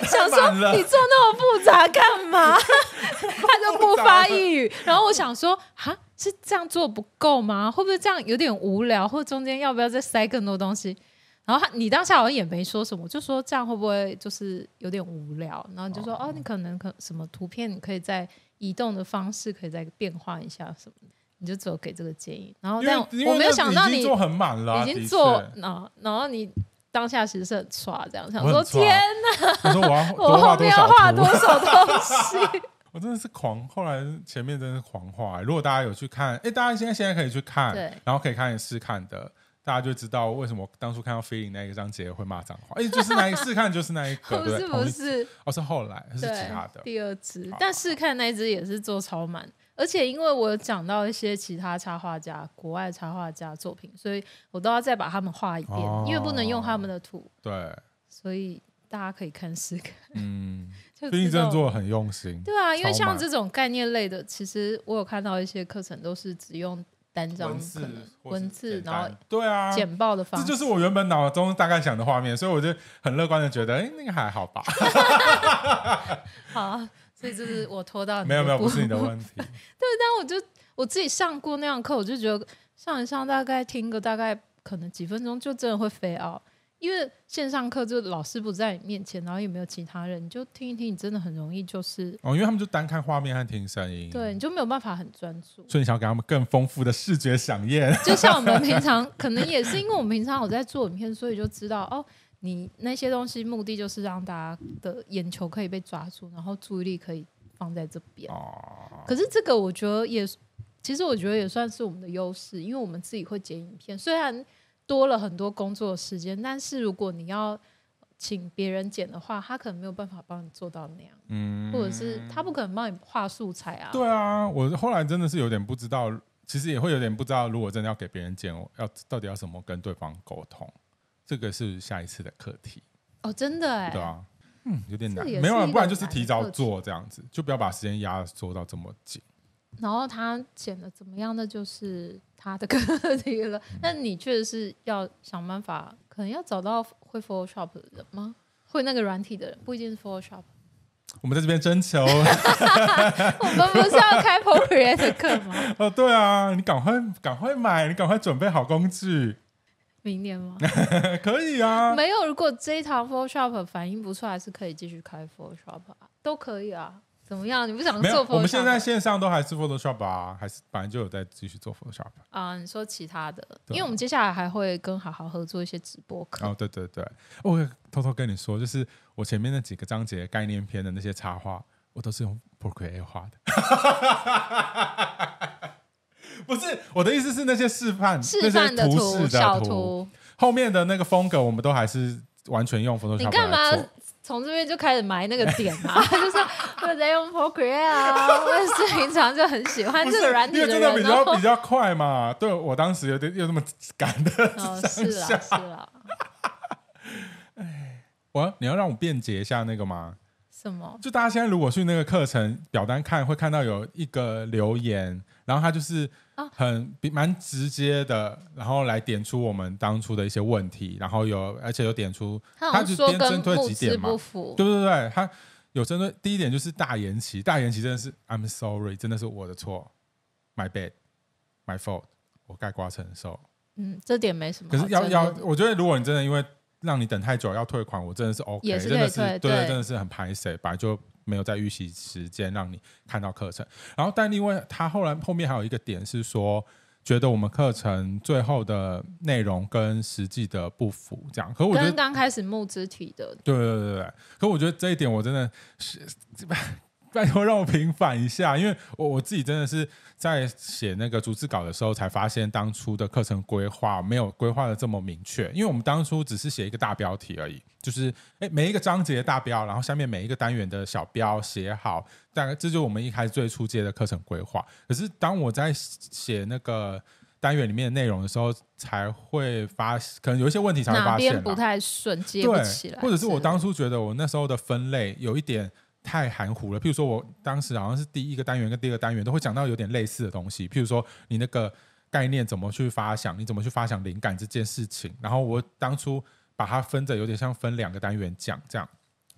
你做那麼複雜幹嘛？ 他就不發一語。然後我想說，啊，是這樣做不夠嗎？會不會這樣有點無聊？或者中間要不要再塞更多東西？然後他，你當下好像也沒說什麼，就說這樣會不會就是有點無聊？然後你就說哦，哦，你可能可什麼圖片，你可以在移動的方式，可以再變化一下什麼的？你就只有給這個建議。然後但我沒有想到你做很滿了，已經做，那已經做啊、然後然後你。當下其實是很刷，這樣，想說天哪！我、啊就是，說我要多畫多，我後面要畫多少東西？ 我真的是狂。後來前面真的是狂畫、欸。如果大家有去看，哎，欸，大家現在現在可以去看，然後可以看試看的，大家就知道為什麼當初看到 Feeling 那個章節會罵髒話。哎，就是那一個試看、欸，就是那一個，不 是 不是，不是哦，是後來是其他的第二支，但試看那一支也是做超滿。而且因為我有講到一些其他插畫家、國外插畫家作品，所以我都要再把他們畫一遍，哦，因為不能用他們的圖。對，所以大家可以看試看。嗯，畢竟這樣做得很用心。對啊，因為像這種概念類的，其實我有看到一些課程都是只用單張可能文字，文字，然後對啊、對啊，簡報的方式。這就是我原本腦中大概想的畫面，所以我就很樂觀的覺得，哎，欸，那個還好吧。 好。所以這是我拖到沒有沒有，不是你的問題， 對，但我就我自己上過那樣的課，我就覺得上一上大概聽個大概可能幾分鐘就真的會 fail。因為線上課就老師不在你面前，然後也沒有其他人，你就聽一聽，你真的很容易就是哦，因為他們就單看畫面和聽聲音，對，你就沒有辦法很專注，所以你想要給他們更豐富的視覺饗宴，就像我們平常 可能也是因為我們平常有在做影片，所以就知道哦。你那些東西目的就是讓大家的眼球可以被抓住，然後注意力可以放在這邊。啊、可是這個我覺得也，其實我覺得也算是我們的優勢，因為我們自己會剪影片，雖然多了很多工作時間，但是如果你要請別人剪的話，他可能沒有辦法幫你做到那樣，嗯，或者是他不可能幫你畫素材啊。對啊，我後來真的是有點不知道，其實也會有點不知道，如果真的要給別人剪，要到底要怎麼跟對方溝通。這個是下一次的課題哦，真的哎，對啊，嗯，有點難，沒有啊，不然就是提早做這樣子，就不要把時間壓縮到這麼緊。然後他剪的怎麼樣？那就是他的課題了。那、嗯、你確實是要想辦法，可能要找到會 Photoshop 的人嗎？會那個軟體的人，不一定是 Photoshop。我們在這邊徵求，我們不是要開 Procreate 的課嗎？哦，對啊，你趕快趕快買，你趕快準備好工具。明年嗎？ 可以啊。沒有，如果這一套 Photoshop 反應不出來，是可以繼續開 Photoshop 啊，都可以啊。怎麼樣？你不想做 Photoshop？我們現在線上都還是 Photoshop 啊，還是本來就有在繼續做 Photoshop。啊，你說其他的，因為我們接下來還會跟好好合作一些直播課。哦，對對對，我、okay，偷偷跟你說，就是我前面那幾個章節概念片的那些插畫，我都是用 Procreate 畫的。 不是我的意思是那些示範、示範的那些圖示的圖、小圖後面的那個風格，我們都還是完全用 Photoshop。你幹嘛從這邊就開始埋那個點啊？ 就是我在用 Procreate 啊， 我也是平常就很喜歡這個軟件、哦，因為這個比較比較快嘛。對，我當時有點又那麼趕的、哦、是啊。哎， 我 你要讓我辯解一下那個嗎？什麼？就大家現在如果去那個課程表單看，會看到有一個留言。然後他就是很蠻、啊、直接的，然後來點出我們當初的一些問題，然後有而且有點出，他，他就是針對幾點嘛，對不對，對他有針對第一點就是大延期，大延期真的是 I'm sorry，真的是我的錯，My bad，My fault，我概括承受。嗯，這點沒什麼。可是要要，我覺得如果你真的因為讓你等太久要退款，我真的是 OK，也是真的是對，對，對真的是很排誰，本來就。沒有在預習時間讓你看到課程，然後但另外他後來後面還有一個點是說，覺得我們課程最後的內容跟實際的不符，這樣。可是我覺得剛開始募資的，對對對對，對。可我覺得這一點我真的是。是是 讓我平反一下，因為我我自己真的是在寫那個逐字稿的時候，才發現當初的課程規劃沒有規劃得這麼明確。因為我們當初只是寫一個大標題而已，就是誒，每一個章節的大標，然後下面每一個單元的小標寫好，大概這就是我們一開始最初階的課程規劃。可是當我在寫那個單元裡面的內容的時候，才會發，可能有一些問題才會發現，哪邊不太順，接不起來，對，或者是我當初覺得我那時候的分類有一點。太含糊了。譬如說，我當時好像是第一個單元跟第二個單元都會講到有點類似的東西。譬如說，你那個概念怎麼去發想，你怎麼去發想靈感這件事情。然後我當初把它分着有點像分兩個單元講，這樣，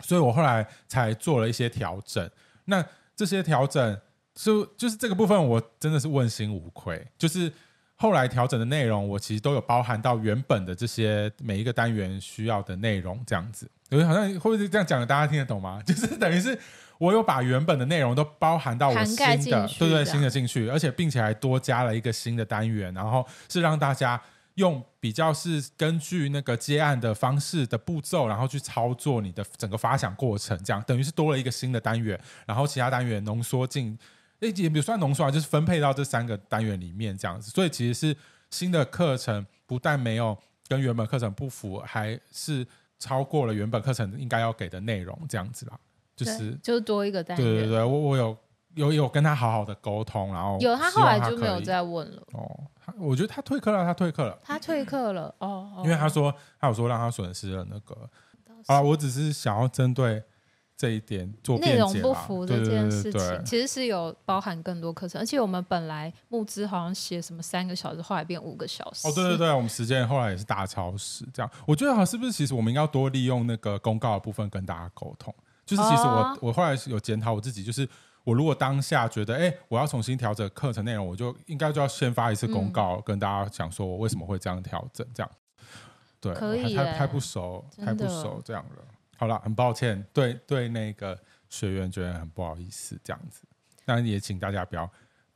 所以我後來才做了一些調整。那這些調整就就是這個部分，我真的是問心無愧。就是後來調整的內容，我其實都有包含到原本的這些每一個單元需要的內容這樣子。有，於好像或者是這樣講的，大家聽得懂嗎？就是等於是我有把原本的內容都包含到我新的，的對對，新的進去，而且並且還多加了一個新的單元，然後是讓大家用比較是根據那個接案的方式的步驟，然後去操作你的整個發想過程，這樣等於是多了一個新的單元，然後其他單元濃縮進誒，也不算濃縮啊，就是分配到這三個單元裡面這樣子，所以其實是新的課程不但沒有跟原本課程不符，還是。超過了原本課程應該要給的內容，這樣子啦，就是就多一個單元對對對，我我有有有跟他好好的溝通，然後有他後來就沒有再問了。他哦他，我覺得他退課了，他退課了，他退課了。哦，哦因為他說他有說讓他損失了那個啊，哦，我只是想要針對這一點做內容不符的這件事情，其實是有包含更多課程，而且我們本來募資好像寫什麼三個小時，後來變五個小時。哦，對對對，我們時間後來也是大超時這樣。我覺得好像是不是其實我們應該要多利用那個公告的部分跟大家溝通？就是其實我、哦、我後來有檢討我自己，就是我如果當下覺得哎我要重新調整課程內容，我就應該就要先發一次公告、嗯、跟大家講說我為什麼會這樣調整這樣。對，可以。不熟，還不熟這樣的。好了，很抱歉，對對，那個學員覺得很不好意思這樣子，但也請大家不要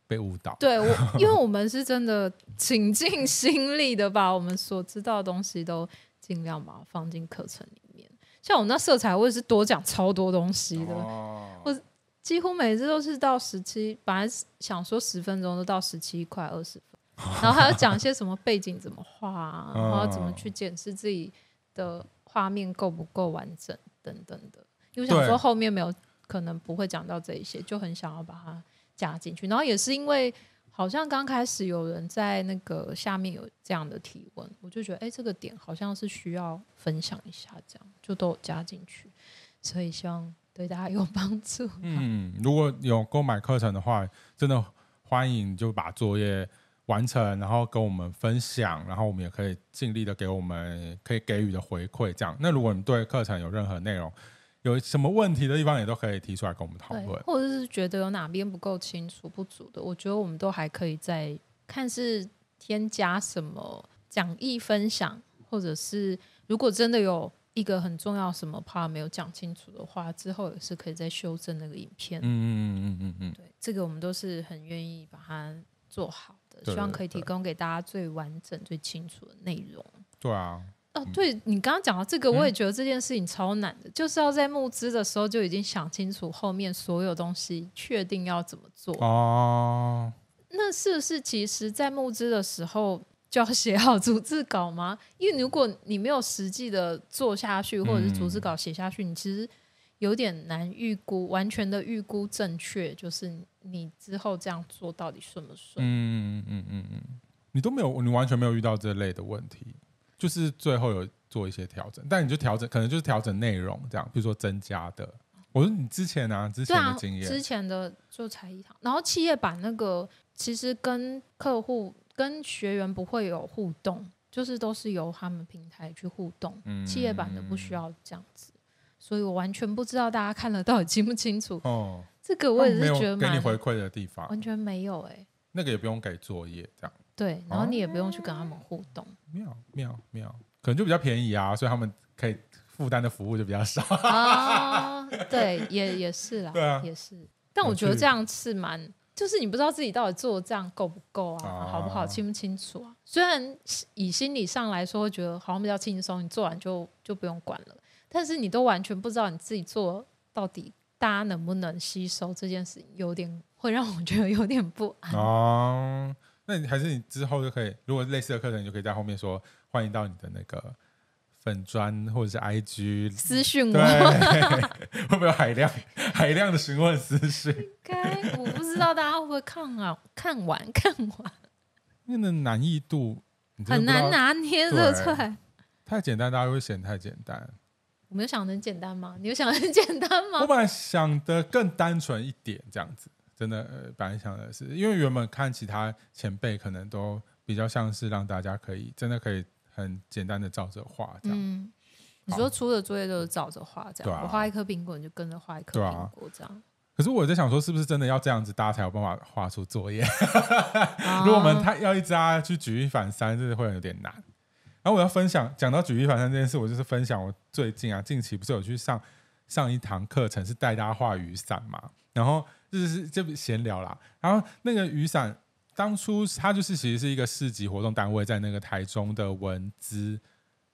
被誤導。對，我 因為我們是真的傾盡心力的，把我們所知道的東西都儘量把它放進課程裡面。像我們那色彩我也是多講超多東西的，oh. 我幾乎每次都是到十七，本來想說十分鐘都到十七塊二十分，oh. 然後還要講一些什麼背景怎麼畫啊，oh. 然後怎麼去檢視自己的。畫面夠不夠完整等等的，因為我想說後面沒有可能不會講到這一些，就很想要把它加進去。然後也是因為好像剛開始有人在那個下面有這樣的提問，我就覺得哎，這個點好像是需要分享一下，這樣就都加進去。所以希望對大家有幫助啊。嗯，如果有購買課程的話，真的歡迎就把作業完成，然後跟我們分享，然後我們也可以盡力的給我們可以給予的回饋。這樣，那如果你對課程有任何內容，有什麼問題的地方，也都可以提出來跟我們討論，或者是覺得有哪邊不夠清楚、不足的，我覺得我們都還可以再看是添加什麼講義分享，或者是如果真的有一個很重要什麼 part 沒有講清楚的話，之後也是可以再修正那個影片。嗯嗯嗯嗯嗯嗯，對，這個我們都是很願意把它做好。對對對對，希望可以提供給大家最完整、最清楚的內容。對啊，嗯，哦、啊，對，你剛剛講到這個，我也覺得這件事情超難的，嗯、就是要在募資的時候就已經想清楚後面所有東西，確定要怎麼做。哦，那是不是其實在募資的時候就要寫好逐字稿嗎？因為如果你沒有實際的做下去，或者是逐字稿寫下去，嗯、你其實。有點難預估，完全的預估正確，就是你之後這樣做到底順不順？嗯，嗯嗯嗯嗯嗯，你都沒有，你完全沒有遇到這類的問題，就是最後有做一些調整，但你就調整，可能就是調整內容這樣，比如說增加的。我說你之前啊，之前的經驗、啊，之前的就才藝堂，然後企業版那個其實跟客戶跟學員不會有互動，就是都是由他們平台去互動，嗯，企業版的不需要這樣子。所以我完全不知道大家看了到底清不清楚？哦，這個我也是覺得。給你回饋的地方。完全沒有哎、欸。那個也不用給作業這樣。對，然後你也不用去跟他們互動、哦。哦、妙妙妙，可能就比較便宜啊，所以他們可以負擔的服務就比較少。啊，對，也也是啦，啊、也是。但我覺得這樣是蠻，就是你不知道自己到底做這樣夠不夠啊，啊，好不好，清不清楚啊？雖然以心理上來說，覺得好像比較輕鬆，你做完就就不用管了。但是你都完全不知道你自己做到底大家能不能吸收這件事，有點會讓我覺得有點不安哦。那你還是你之後就可以，如果類似的課程，你就可以在後面說歡迎到你的那個粉專，或者是 IG 私訊我。會不會有海量海量的詢問私訊？應該我不知道大家會不會看啊？看完看完，因為那的難易度很難拿捏這個出來，對，太簡單大家會嫌太簡單。我沒有想的很簡單嗎？你有想的很簡單嗎？我本來想的更單純一點，這樣子真的，呃，本來想的是，因為原本看其他前輩可能都比較像是讓大家可以真的可以很簡單的照着畫這樣、嗯。你說出的作業都是照着畫這樣，我畫一顆蘋果你就跟着畫一顆蘋果這樣、啊啊。可是我在想說，是不是真的要這樣子大家才有辦法畫出作業、 啊？如果我們太要一直家、啊、去舉一反三，真的會有點難。然後我要分享，講到舉一反三這件事，我就是分享我最近啊，近期不是有去上上一堂課程，是帶大家畫雨傘嘛。然後就是就閒聊啦。然後那個雨傘，當初它就是其實是一個市集活動單位，在那個台中的文資，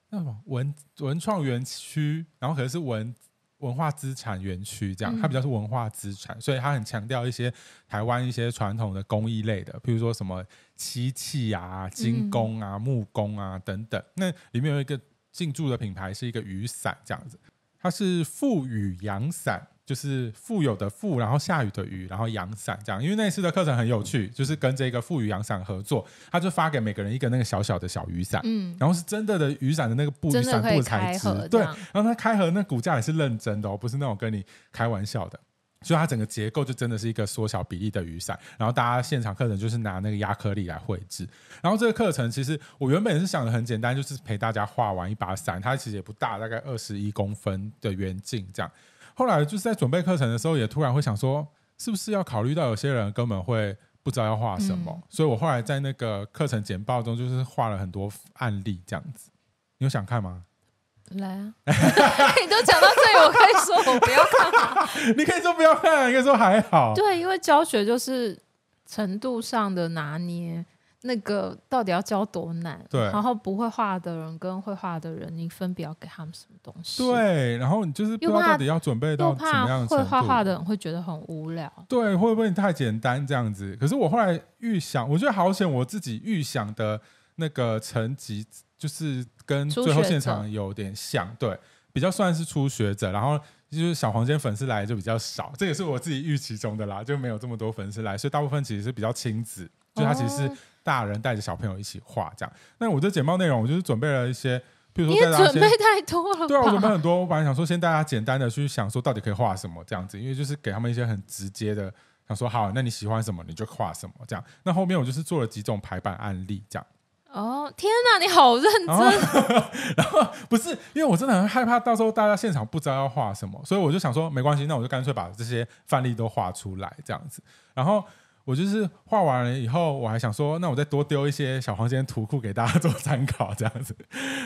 那什麼文文創園區，然後可能是文。文化資產園區這樣，它比較是文化資產，所以它很強調一些台灣一些傳統的工藝類的，譬如說什麼漆器啊、金工啊、木工啊等等。那裡面有一個進駐的品牌是一個雨傘，這樣子，它是富雨洋傘。就是富有的富，然後下雨的雨，然後陽傘這樣。因為那次的課程很有趣，嗯、就是跟這個富雨陽傘合作，他就發給每個人一個那個小小的小雨傘，嗯，然後是真的的雨傘的那個布雨傘布材質，對，然後它開合那骨架也是認真的哦，不是那種跟你開玩笑的，所以它整個結構就真的是一個縮小比例的雨傘。然後大家現場課程就是拿那個壓克力來繪製。然後這個課程其實我原本是想的很簡單，就是陪大家畫完一把傘，它其實也不大，大概二十一公分的圓徑這樣。後來就是在準備課程的時候，也突然會想說，是不是要考慮到有些人根本會不知道要畫什麼？嗯，所以我後來在那個課程簡報中，就是畫了很多案例這樣子。你有想看嗎？來啊！ 你都講到這裡，我可以說我不要看 你可以說不要看，你可以說還好。對，因為教學就是程度上的拿捏。那個到底要教多難？對，然後不會畫的人跟會畫的人，你分別要給他們什麼東西？對，然後你就是不知道到底要準備到怎麼樣。會畫畫的人會覺得很無聊。對，會不會太簡單這樣子？可是我後來預想，我覺得好險，我自己預想的那個成績就是跟最後現場有點像。對，比較算是初學者，然後就是小黃間粉絲來就比較少，這也是我自己預期中的啦，就沒有這麼多粉絲來，所以大部分其實是比較親子，哦、就他其實是。大人帶着小朋友一起畫，這樣。那我這簡報內容，我就是準備了一些，比如說大家，你也準備太多了，對啊，我準備很多。我本來想說，先大家簡單的去想說，到底可以畫什麼這樣子，因為就是給他們一些很直接的，想說，好，那你喜歡什麼你就畫什麼這樣。那後面我就是做了幾種排版案例這樣。哦，天哪，啊，你好認真。然後，呵呵，然後，不是，因為我真的很害怕到時候大家現場不知道要畫什麼，所以我就想說，沒關係，那我就乾脆把這些範例都畫出來這樣子。然後。我就是畫完了以後，我還想說，那我再多丟一些小黃間圖庫給大家做參考這樣子。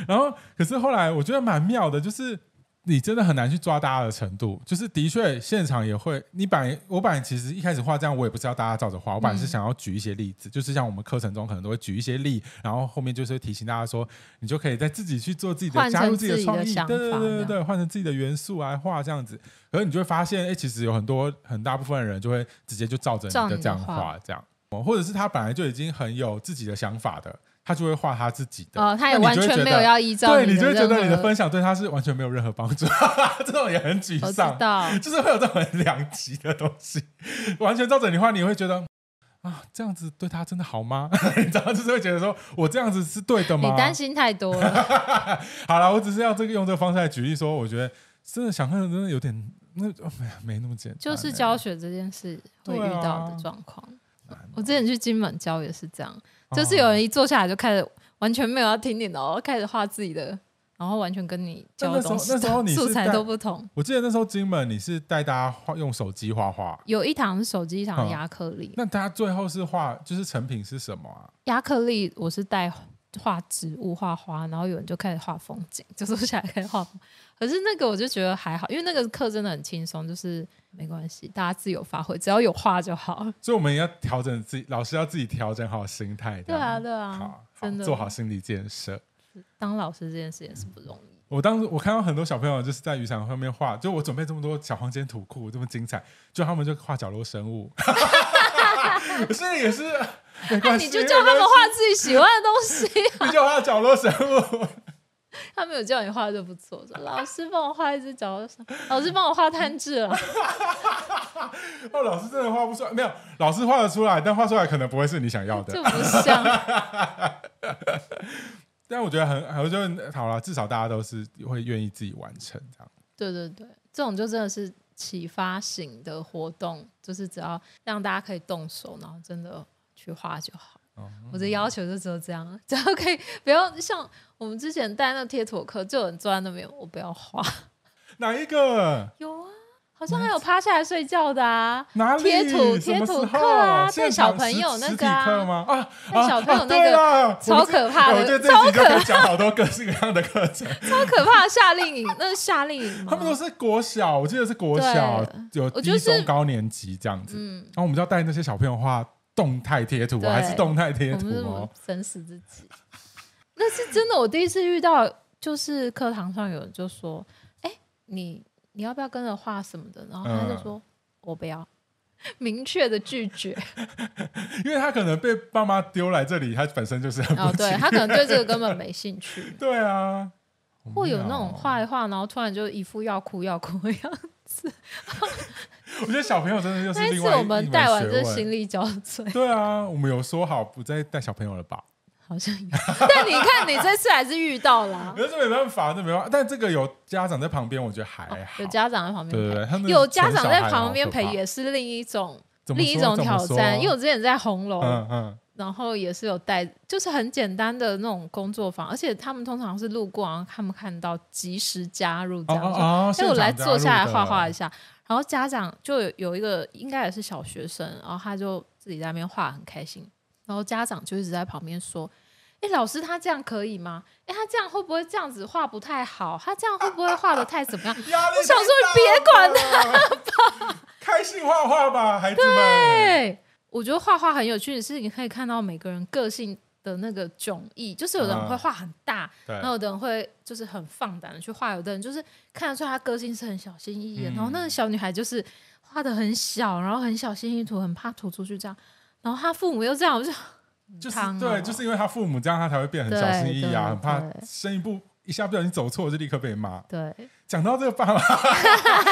然後，可是後來我覺得蠻妙的，就是。你真的很難去抓大家的程度，就是的確現場也會，你把，我本來其實一開始畫這樣，我也不是要大家照着畫，我本來是想要舉一些例子，嗯、就是像我們課程中可能都會舉一些例，然後後面就是提醒大家說，你就可以在自己去做自己的，加入自己的創意的，對對對對，換成自己的元素來畫這樣子，可是你就會發現，哎、欸，其實有很多很大部分的人就會直接就照着你的這樣畫，這樣，或者是他本來就已經很有自己的想法的。他就會畫他自己的哦，他也完全沒有要依照你的，對，你就會覺得你的分享對他是完全沒有任何幫助， 這種也很沮喪，就是會有這種很兩極的東西。完全照着你畫，你會覺得啊，這樣子對他真的好嗎？ 你知道，就是會覺得說我這樣子是對的嗎？你擔心太多了。 好啦，我只是要這個用這個方式來舉例說，我覺得真的想看，真的有點那沒、呃、沒那麼簡單，就是教學這件事會遇到的狀況、啊。我之前去金門教也是這樣。就是有人一坐下來就開始完全沒有要聽你的哦，開始畫自己的，然後完全跟你交流，那時候你素材都不同，那那。我記得那時候金門你是帶大家用手機畫畫，有一堂手機一堂壓克力，嗯，那他最後是畫就是成品是什麼、啊？壓克力，我是帶。畫植物、畫花，然後有人就開始畫風景，就坐下來開始畫風景。可是那個我就覺得還好，因為那個課真的很輕鬆，就是沒關係，大家自由發揮，只要有畫就好。所以我們要調整自己，老師要自己調整好心態。對啊，對啊，對啊，真的做好心理建設。當老師這件事也是不容易。嗯、我當時我看到很多小朋友就是在魚塘上面畫，就我準備這麼多小黃間圖庫這麼精彩，就他們就畫角落生物，可 是也是。那、啊、你就叫他們畫自己喜歡的東西、啊。 你叫他角落生物，他沒有叫你畫就不錯。說老師幫我畫一隻角落生物，老師幫我畫嘆字了。 哦，老師真的畫不出來，沒有老師畫得出來，但畫出來可能不會是你想要的，就不像。 但我覺得很，我覺得好了，至少大家都是會願意自己完成這樣。對對對，這種就真的是啟發型的活動，就是只要讓大家可以動手，然後真的。去畫就好，我的要求就只有這樣，嗯、只要可以不要像我們之前帶那貼圖課，就有人坐在那邊，我不要畫。哪一個？有啊，好像還有趴下來睡覺的啊。哪裡？貼圖、貼圖課啊？帶小、啊啊、小朋友那個啊？啊！帶小朋友那個超可怕的，超可怕的。講好多各式各樣的課程，超可怕。可怕的夏令營， 那是夏令營他們都是國小，我記得是國小有低中高年級這樣子，然後、就是嗯啊、我們就要帶那些小朋友畫。動態貼圖、啊、還是動態貼圖嗎？我們是整死自己， 那是真的。我第一次遇到，就是課堂上有人就說：“哎、欸，你你要不要跟着畫什麼的？”然後他就說：“嗯、我不要。”明確的拒絕，因為他可能被爸媽丟來這裡，他本身就是很不哦，對他可能對這個根本沒興趣。 對啊，會有那種畫一畫，然後突然就一副要哭要哭的樣子。 我覺得小朋友真的又是另外一門學問。這次我們帶完就是心力交瘁。 對啊，我們有說好不再帶小朋友了吧？好像有。 但你看，你這次還是遇到了，啊。可 是沒辦法，這沒辦法。但這個有家長在旁邊，我覺得還好。哦、有家長在旁邊，對，對，對有家長在旁邊陪，陪也是另一種另一種挑戰。因為我之前在紅樓，嗯嗯，然後也是有帶，就是很簡單的那種工作坊，嗯嗯，而且他們通常是路過，啊，然後他們看到及時加入這樣子。以、哦哦哦、我來坐下來畫畫一下。然後家長就有有一個應該也是小學生，然後他就自己在那邊畫很開心。然後家長就一直在旁邊說：“哎，老師他這樣可以嗎？哎，他這樣會不會這樣子畫不太好？他這樣會不會畫得太怎麼樣？”啊啊啊、我想說你別管他吧，開心畫畫吧，孩子們。對，我覺得畫畫很有趣的是，你可以看到每個人個性。的那個迥異，就是有的人會畫很大，嗯、對，然後有的人會就是很放膽的去畫，有的人就是看得出來他個性是很小心翼翼的、嗯，然後那個小女孩就是畫得很小，然後很小心翼翼塗，很怕塗出去這樣，然後她父母又這樣我就，就是就是、哦、對，就是因為他父母這樣，他才會變很小心翼翼啊，很怕生一步一下不小心走錯就立刻被罵。對，講到這個爸 爸，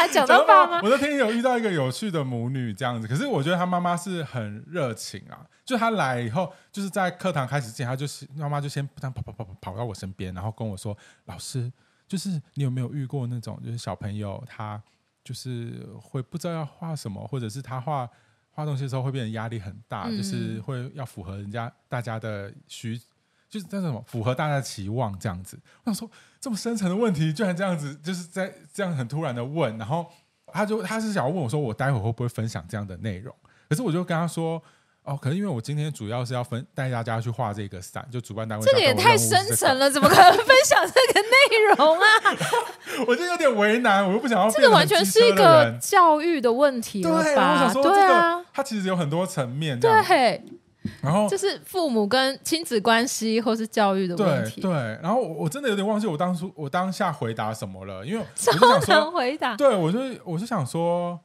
講到媽爸爸，我那天有遇到一個有趣的母女這樣子，可是我覺得她媽媽是很熱情啊。就他來以後，就是在課堂開始見他，就是媽媽就先這樣跑跑跑跑到我身邊，然後跟我說：“老師，就是你有沒有遇過那種，就是小朋友他就是會不知道要畫什麼，或者是他畫畫東西的時候會變得壓力很大、嗯，就是會要符合人家大家的需，就是那種符合大家的期望這樣子。”我想說，這麼深層的問題，居然這樣子，就是在這樣很突然的問，然後他就他是想問我說，我待會會不會分享這樣的內容？可是我就跟他說。哦，可是因為我今天主要是要分帶大家去畫這個傘，就主辦單位的、這個。這個也太深層了，怎麼可能分享這個內容啊？ 我就有點為難，我又不想要。這個完全是一個教育的問題，對吧、這個？對啊，他其實有很多層面，對。然後就是父母跟親子關係或是教育的問題，對，對。然後我真的有點忘記我當初我當下回答什麼了，因為我想超難回答，對，我就我是想說，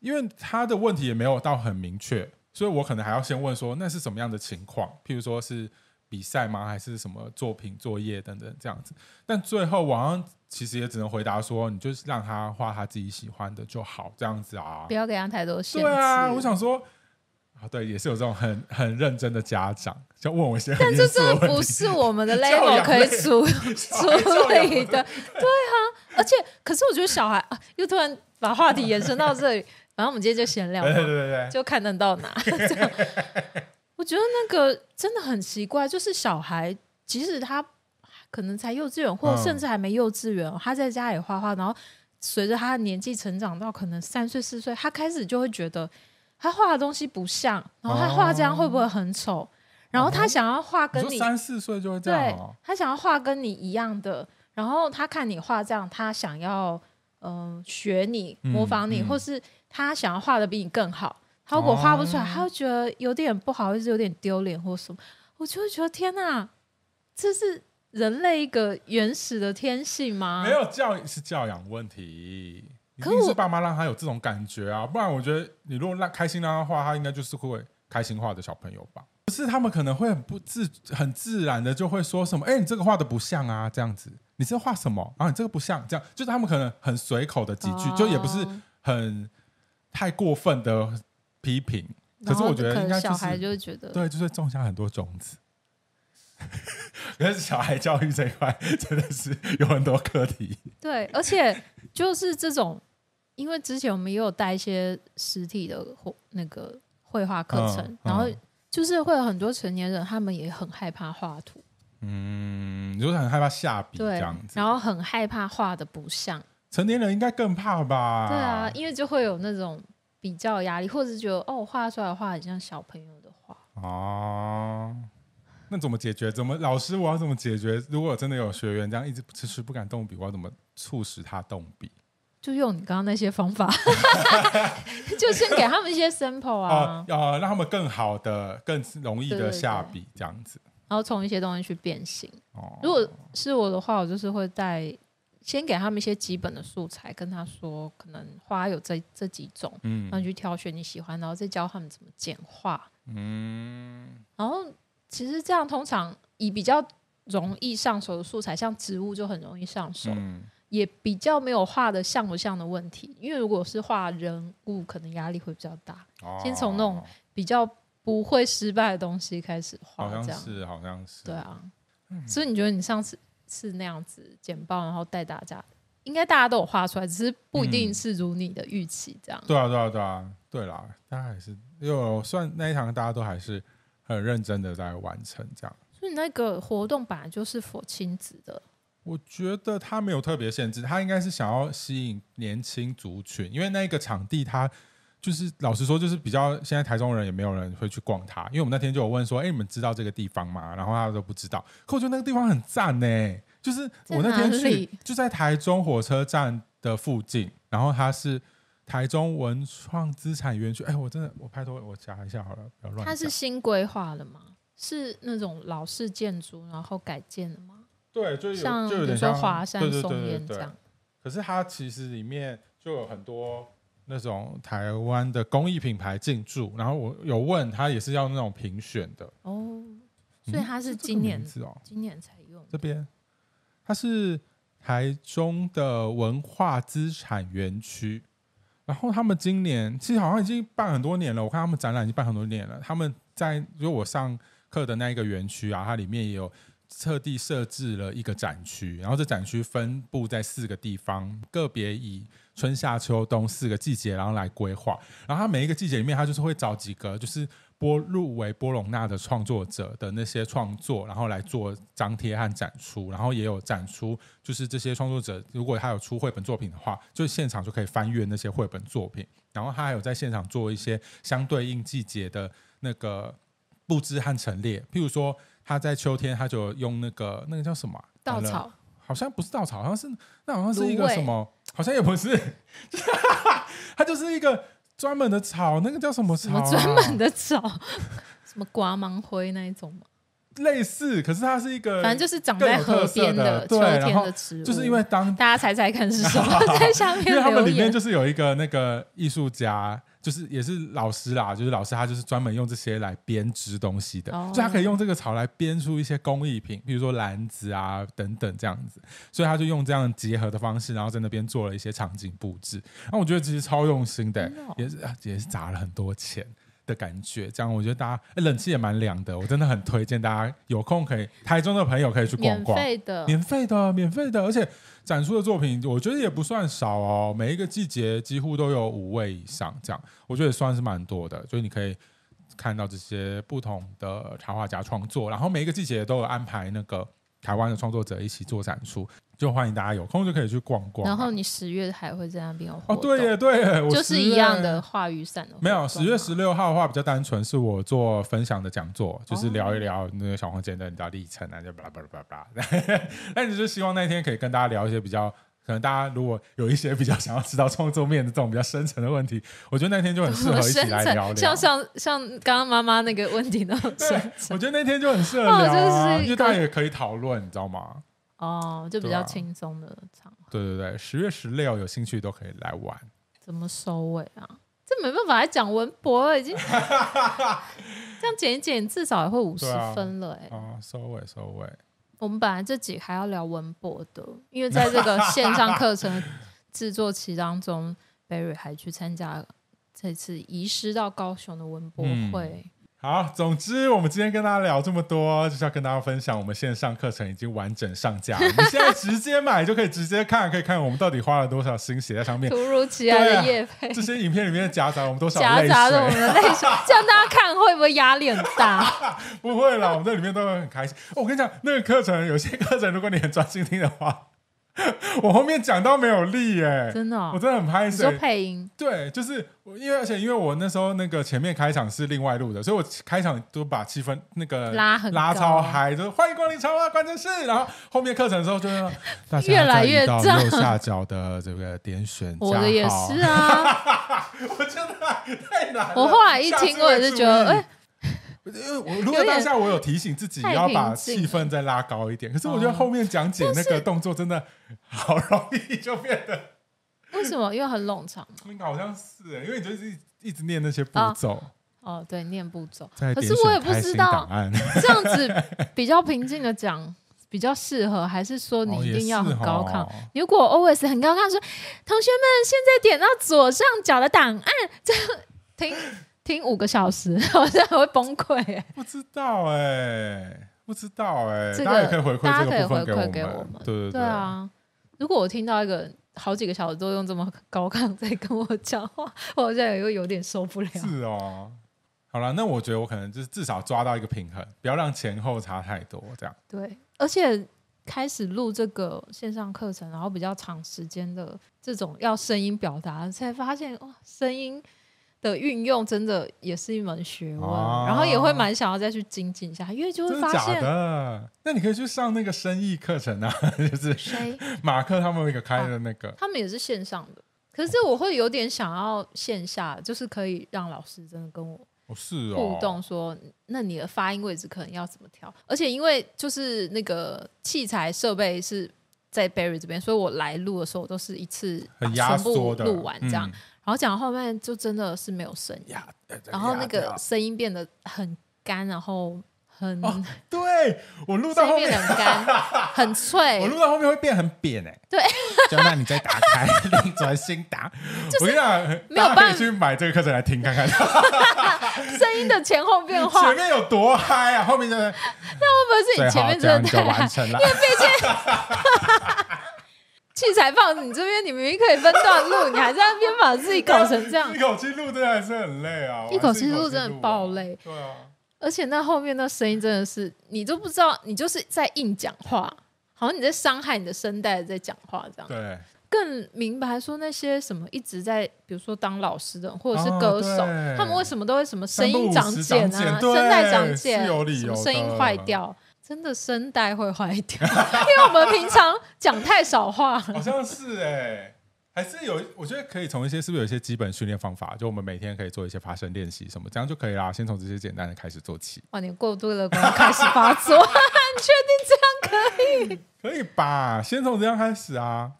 因為他的問題也沒有到很明確。所以，我可能還要先問說，那是什麼樣的情況？譬如說是比賽嗎？還是什麼作品、作業等等這樣子？但最後，網上其實也只能回答說：“你就是讓他畫他自己喜歡的就好，這樣子啊。”不要給他太多限制。對啊，我想說，啊，對，也是有這種很很認真的家長，就問我一下。但這不是我們的 level 可以處處理的，對啊。而且，可是我覺得小孩啊，又突然把話題延伸到這裡。 然後我們今天就閒聊，對對對，對，對就看能到哪。 我覺得那個真的很奇怪，就是小孩，即使他可能才幼稚園，或甚至還沒幼稚園，嗯哦，他在家裡畫畫，然後隨着他的年紀成長到可能三歲四歲，他開始就會覺得他畫的東西不像，然後他畫這樣會不會很醜，哦？然後他想要畫跟你，嗯嗯、你三四歲就會這樣，哦對，他想要畫跟你一樣的，然後他看你畫這樣，他想要嗯、呃、學你模仿你，嗯嗯、或是。他想要畫的比你更好，他如果畫不出來、哦，他就覺得有點不好意思、或者是有點丟臉或什麼。我就會覺得天哪、啊，這是人類一個原始的天性嗎？沒有教是教養問題，一定是爸媽讓他有這種感覺啊。不然我覺得你如果讓開心讓他畫，他應該就是會開心畫的小朋友吧？不是，他們可能會很不自很自然的就會說什麼：“哎、欸，你這個畫的不像啊，這樣子，你這畫什麼啊？你這個不像，這樣。”就是他們可能很隨口的幾句、哦，就也不是很。太過分的批評，可是我覺得可能小孩就覺得對，就是種下很多種子，嗯。可 是小孩教育這一塊真的是有很多課題。對，而且就是這種，因為之前我們也有帶一些實體的繪那個繪畫課程，嗯嗯，然後就是會有很多成年人，他們也很害怕畫圖。嗯，就是很害怕下筆這樣子，然後很害怕畫的不像。成年人應該更怕吧？對啊，因為就會有那種比較壓力，或者是覺得哦，我畫出來的畫很像小朋友的畫。哦、啊，那怎麼解決？怎麼老師，我要怎麼解決？如果真的有學員這樣一直遲遲不敢動筆，我要怎麼促使他動筆？就用你剛剛那些方法， 就先給他們一些 sample 啊，要、呃呃、讓他們更好的、更容易的下筆，這樣子。對對對，然後從一些東西去變形、哦。如果是我的話，我就是會帶。先給他們一些基本的素材，跟他說可能花有這這幾種，嗯、然後你去挑選你喜歡，然後再教他們怎麼簡化，嗯，然後其實這樣通常以比較容易上手的素材，像植物就很容易上手，嗯，也比較沒有畫的像不像的問題，因為如果是畫人物，可能壓力會比較大。哦、先從那種比較不會失敗的東西開始畫，好像是，好像是，對啊，嗯，所以你覺得你上次？是那樣子簡報，然後帶大家，應該大家都有畫出來，只是不一定是如你的預期這樣。嗯、對啊，對啊，對啊，對啦，但還是有算那一場，大家都還是很認真的在完成這樣。所以那個活動本來就是 for 親子的，我覺得他沒有特別限制，他應該是想要吸引年輕族群，因為那個場地他。就是老實說，就是比較現在台中人也沒有人會去逛它，因為我們那天就有問說，哎，你們知道這個地方嗎？然後他都不知道。可我覺得那個地方很讚呢，就是我那天去就在台中火車站的附近，然後它是台中文創資產園區。哎，我真的我拍拖我加一下好了，不要亂。它是新規劃的嗎？是那種老式建築然後改建的嗎？對，就像有，有點像華山松菸這樣。可是它其實裡面就有很多。那種台灣的工藝品牌進駐，然後我有問他，也是要那種評選的哦，所以他是今年、嗯、是哦，今年才用這邊，他是台中的文化資產園區，然後他們今年其實好像已經辦很多年了，我看他們展覽已經辦很多年了，他們在如果我上課的那一個園區啊，它裡面也有，特地設置了一個展區，然後這展區分佈在四個地方，個別以春夏秋冬四個季節，然後來規劃。然後它每一個季節裡面，它就是會找幾個就是波入圍波隆納的創作者的那些創作，然後來做張貼和展出。然後也有展出，就是這些創作者如果他有出繪本作品的話，就現場就可以翻閱那些繪本作品。然後他還有在現場做一些相對應季節的那個佈置和陳列，譬如說。他在秋天，他就用那個那個叫什麼、啊、稻草，好像不是稻草，好像是那好像是一個什麼，好像也不是， 他就是一個專門的草，那個叫什麼草、啊？什麼專門的草？ 什麼刮芒灰那一種嗎？類似，可是它是一個，反正就是長在河邊的秋天的植物。就是因為當大家猜猜看是什麼、啊、 在下面，因為他們裡面就是有一個那個藝術家。就是也是老師啦，就是老師他就是專門用這些來編織東西的，oh. 所以他可以用這個草來編出一些工藝品，比如說籃子啊等等這樣子，所以他就用這樣結合的方式，然後在那邊做了一些場景布置。那我覺得其實超用心的、欸，oh. 也是、啊、也是砸了很多錢。的感覺，這樣我覺得大家、欸、冷氣也蠻涼的，我真的很推薦大家有空可以，台中的朋友可以去逛逛，免費的，免費的，免費的，而且展出的作品我覺得也不算少哦，每一個季節幾乎都有五位以上，這樣我覺得也算是蠻多的，所以你可以看到這些不同的、呃、插畫家創作，然後每一個季節都有安排那個台灣的創作者一起做展出。就歡迎大家有空就可以去逛逛、啊。然後你十月還會在那邊有哦？對呀，對耶，就是一樣的話雨傘的、啊。沒有十月十六號的話、嗯、比較單純，是我做分享的講座，哦、就是聊一聊那個小黃間的你知道歷程啊，就巴拉巴拉巴拉巴拉。那你就希望那天可以跟大家聊一些比較，可能大家如果有一些比較想要知道創作面的這種比較深層的問題，我覺得那天就很適合一起來聊聊。像像像剛剛媽媽那個問題呢？對，我覺得那天就很適合聊、啊，我覺得大家也可以討論，你知道嗎？哦，就比較輕鬆的場合。對、啊、對、對對，十月十六有興趣都可以來玩。怎麼收尾啊？這沒辦法，還講文博了已經 這樣剪一剪，至少也會五十分了哎、欸。收尾收尾。我們本來這集還要聊文博的，因為在這個線上課程製作期當中 ，Barry 還去參加這次移師到高雄的文博會。嗯好，總之我們今天跟大家聊這麼多，就是要跟大家分享，我們線上課程已經完整上架了。我們現在直接買就可以直接看，可以看我們到底花了多少心血在上面。突如其來的業配，這些影片裡面夾雜我們多少夾雜着我們的淚水， 這樣大家看會不會壓力很大？ 不會啦，我們在裡面都會很開心。哦，我跟你講，那個課程有些課程，如果你很專心聽的話。 我後面講到沒有力哎、欸，真的、哦，我真的很拍死。你說配音？對，就是，因為而且因為我那時候那個前面開場是另外錄的，所以我開場都把氣氛那個拉很，拉超嗨，就歡迎光臨超蛙，關鍵是，然後後面課程的時候就，就是越來越正。右下角的這個點選，我的也是啊， 我真的太難。我後來一聽，我也是覺得，欸呃，如果當下我有提醒自己，要把氣氛再拉高一點。可是我覺得後面講解那個動作真的好容易就變得、嗯。為什麼？因為很冗長。好像是、欸，因為你就是一直，一直念那些步驟、哦。哦，對，念步驟。可是我也不知道，這樣子比較平靜的講比較適合，還是說你一定要很高亢、哦哦？如果 always 很高亢，說同學們現在點到左上角的檔案，這樣停。聽五個小時，好像會崩潰、欸。不知道哎、欸，不知道哎、欸這個，大家也可以回饋這個部分給我們，大家可以回饋給我們。對對啊！如果我聽到一個好幾個小時都用這麼高亢在跟我講話，我好像又有點受不了。是哦？好了，那我覺得我可能就是至少抓到一個平衡，不要讓前後差太多。這樣對，而且開始錄這個線上課程，然後比較長時間的這種要聲音表達，才發現哇，聲音。的運用真的也是一門學問，啊、然後也會蠻想要再去精進一下、啊，因為就會發現。真的假的？那你可以去上那個聲音課程啊，就是誰？馬克他們有一個開的那個、啊，他們也是線上的。可是我會有點想要線下，哦、就是可以讓老師真的跟我互動說，說、哦哦、那你的發音位置可能要怎麼調？而且因為就是那個器材設備是在 Barry 這邊，所以我來錄的時候我都是一次很壓縮的錄完這樣。好後講後面就真的是沒有聲音，Yeah, yeah, yeah, yeah. 然後那個聲音變得很乾，然後很…… Oh, 對，我錄到後面很乾， 很脆。我錄到後面會變很扁哎、欸，對。 就那你再打開，你轉心打，不、就、要、是，沒有辦法去買這個課程來聽看看。 聲音的前後變化，前面有多嗨啊，後面真、就、的、是、 那我會不會是你前面真的太嗨、啊，因為畢竟。 必 器材放你這邊，你明明可以分段錄， 你還是在那邊把自己搞成這樣。一口氣錄真的還是很累啊！一口氣錄真的很爆累。對啊，而且那後面那聲音真的是，你都不知道，你就是在硬講話，好像你在傷害你的聲帶在講話這樣。對，更明白說那些什麼一直在，比如說當老師的或者是歌手、啊，他們為什麼都會什麼聲音長繭啊，聲帶長繭，什麼聲音壞掉。真的聲帶會壞掉，因為我們平常講太少話了 好像是哎、欸，還是有，我覺得可以從一些是不是有一些基本訓練方法，就我們每天可以做一些發聲練習什麼，這樣就可以啦。先從這些簡單的開始做起。哇，你過度樂觀開始發作， 你確定這樣可以？可以吧，先從這樣開始啊。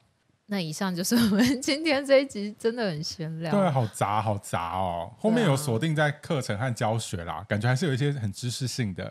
那以上就是我們今天這一集，真的很閒聊，對，好雜好雜哦。後面有鎖定在課程和教學啦，啊、感覺還是有一些很知識性的。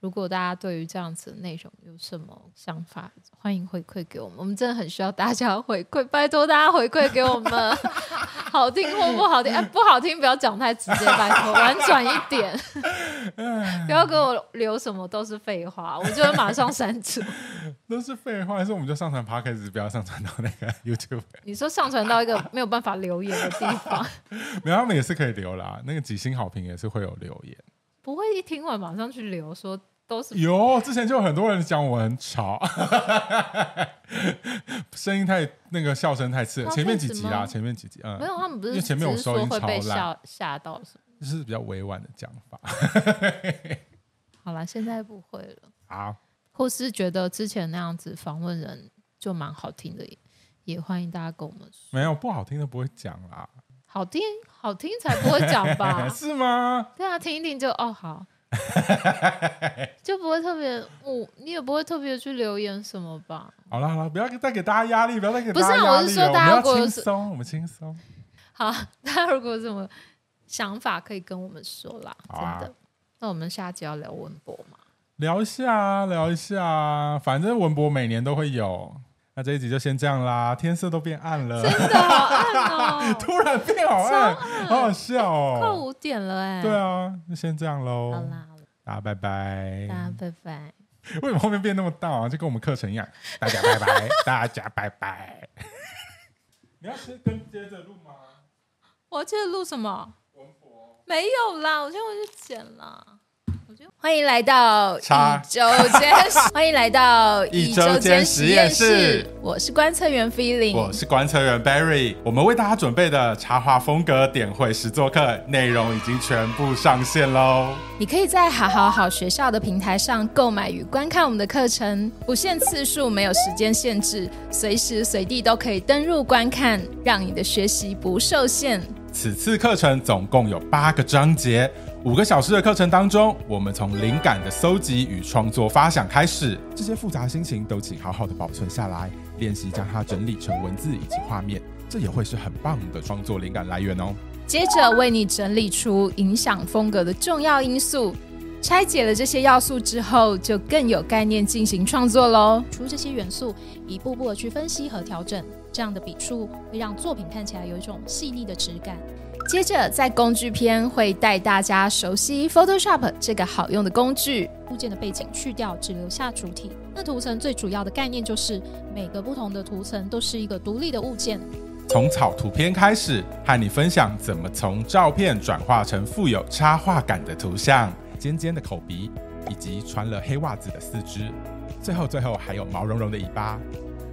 如果大家對於這樣子的內容有什麼想法，歡迎回饋給我們，我們真的很需要大家回饋，拜托大家回饋給我們，好聽或不好聽， 哎，不好聽不要講太直接，拜托婉轉一點， 不要給我留什麼都是廢話，我就會馬上刪除。 都是廢話，還是我們就上傳 Podcast，不要上傳到那個 YouTube？欸、你說上傳到一個沒有辦法留言的地方？ 沒有，他們也是可以留啦，那個幾星好評也是會有留言，不會一聽完馬上去留說。有，之前就很多人講我很吵， 聲音太那個，笑聲太刺。前面幾集啊，啊、前面幾集，嗯，沒有，他們不是前面我聲音會被嚇，嚇到什麼？就是比較委婉的講法。好了，現在不會了啊。或是覺得之前那樣子訪問人就蠻好聽的也，也歡迎大家跟我們說。沒有不好聽的不會講啦，好聽好聽才不會講吧？ 是嗎？對啊，聽一聽就哦好。 就不會特別，我、哦、你也不會特別去留言什麼吧？好了好了，不要再給大家壓力，不要再給大家、哦。不是，啊，我是說大家如果，我們要輕鬆，我們要輕鬆，我們輕鬆。好，大家如果有什麼想法可以跟我們說啦，好啊，真的。那我們下集要聊文博嗎？聊一下，聊一下，反正文博每年都會有。那這一集就先這樣啦，天色都變暗了，真的好暗哦、喔， 突然變好暗，暗好好笑哦、喔欸，快五點了哎、欸，對啊，就先這樣嘍，好啦，大家拜拜，大家拜拜，為什麼後面變那麼大啊？就跟我們課程一樣，大家拜拜， 大家拜拜， 你要先跟接着錄嗎？我要接着錄什麼？文沒有啦，我先回去剪啦。歡迎來到茶周間哈哈哈哈。歡迎來到一周,一周間實驗室。我是觀測員 Feeling，我是觀測員 Barry。我們為大家準備的插畫風格電繪實作課內容已經全部上線嘍！你可以在好好好學校的平台上購買與觀看我們的課程，不限次數，沒有時間限制，隨時隨地都可以登入觀看，讓你的學習不受限。此次課程總共有八個章節。五個小時的課程當中，我們從靈感的蒐集與創作發想開始，這些複雜的心情都請好好的保存下來，練習將它整理成文字以及畫面，這也會是很棒的創作靈感來源哦。接着為你整理出影響風格的重要因素，拆解了這些要素之後，就更有概念進行創作嘍。除這些元素，一步步的去分析和調整。這樣的筆觸會讓作品看起來有一種細膩的質感。接着，在工具篇會帶大家熟悉 Photoshop 這個好用的工具。物件，的背景去掉，只留下主體。那圖層最主要的概念就是，每個不同的圖層都是一個獨立的物件。從草圖篇開始，和你分享怎麼從照片轉化成富有插畫感的圖像。尖尖的口鼻，以及穿了黑襪子的四肢。最後，最後還有毛茸茸的尾巴。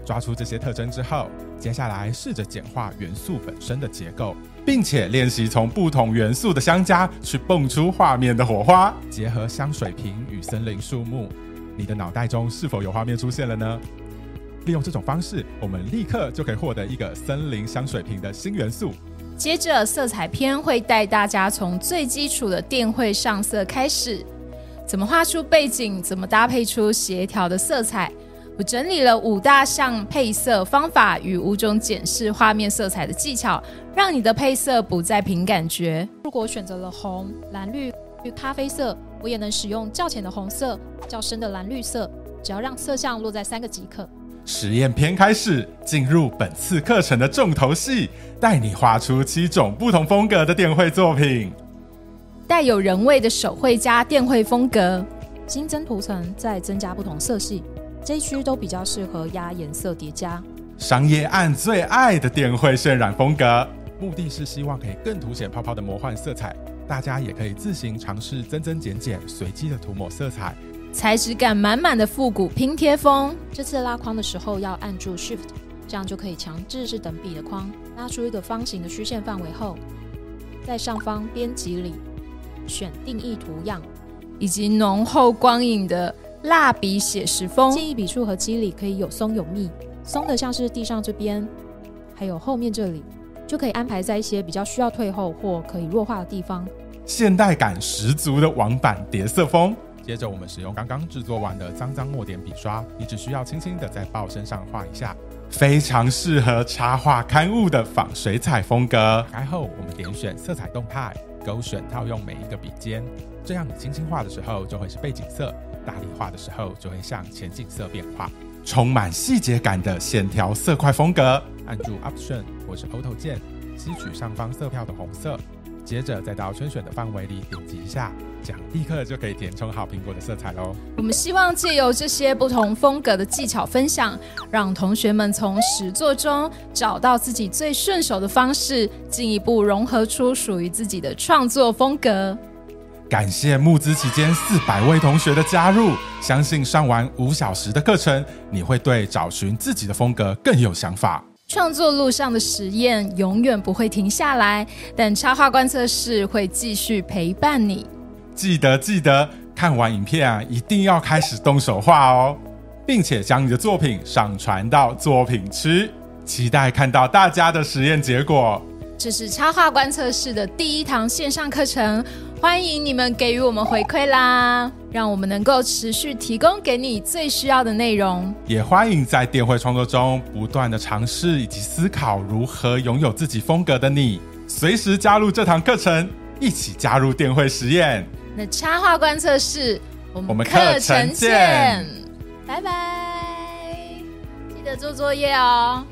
抓出這些特徵之後，接下來試着簡化元素本身的結構，並且練習從不同元素的相加去蹦出畫面的火花。結合香水瓶與森林樹木，你的腦袋中是否有畫面出現了呢？利用這種方式，我們立刻就可以獲得一個森林香水瓶的新元素。接着，色彩篇會帶大家從最基礎的電繪上色開始，怎麼畫出背景，怎麼搭配出協調的色彩。我整理了五大項配色方法與五種檢視畫面色彩的技巧，讓你的配色不再憑感覺。如果選擇了紅、藍綠、綠與咖啡色，我也能使用較淺的紅色、較深的藍綠色，只要讓色相落在三個即可。實驗篇開始，進入本次課程的重頭戲，帶你畫出七種不同風格的電繪作品。帶有人味的手繪加電繪風格，新增圖層再增加不同色系。這一區都比較適合壓顏色疊加。商業案最愛的電繪渲染風格，目的是希望可以更凸顯泡泡的魔幻色彩。大家也可以自行嘗試增增減減，隨機的塗抹色彩。材質感滿滿的復古拼貼風，這次拉框的時候要按住 Shift，這樣就可以強制是等比的框。拉出一個方形的虛線範圍後，在上方編輯裡選定義圖樣，以及濃厚光影的，蠟筆寫實風，建議筆觸和肌理可以有鬆有密，鬆的像是地上這邊，還有後面這裡，就可以安排在一些比較需要退後或可以弱化的地方。現代感十足的網版疊色風。接着我們使用剛剛制作完的髒髒墨點筆刷，你只需要輕輕的在豹身上畫一下，非常適合插畫刊物的仿水彩風格。打開後我們點選色彩動態，勾選套用每一個筆尖，這樣你輕輕畫的時候就會是背景色。大力畫的時候，就會向前景色變化，充滿細節感的線條色塊風格。按住 Option 或是 Poto 鍵，吸取上方色票的紅色，接着再到圈選的範圍裡點擊一下，這樣立刻就可以填充好蘋果的色彩嘍。我們希望借由這些不同風格的技巧分享，讓同學們從實作中找到自己最順手的方式，進一步融合出屬於自己的創作風格。感謝募資期間四百位同學的加入，相信上完五小時的課程，你會對找尋自己的風格更有想法。創作路上的實驗永遠不會停下來，但插畫觀測室會繼續陪伴你。記得記得看完影片啊，一定要開始動手畫哦，並且將你的作品上傳到作品區，期待看到大家的實驗結果。這是插畫觀測室的第一堂線上課程。歡迎你們給予我們回饋啦，讓我們能夠持續提供給你最需要的內容。也歡迎在電繪創作中不斷地嘗試以及思考如何擁有自己風格的你，隨時加入這堂課程，一起加入電繪實驗。那插畫觀測室，我們課程見，拜拜，記得做作業哦。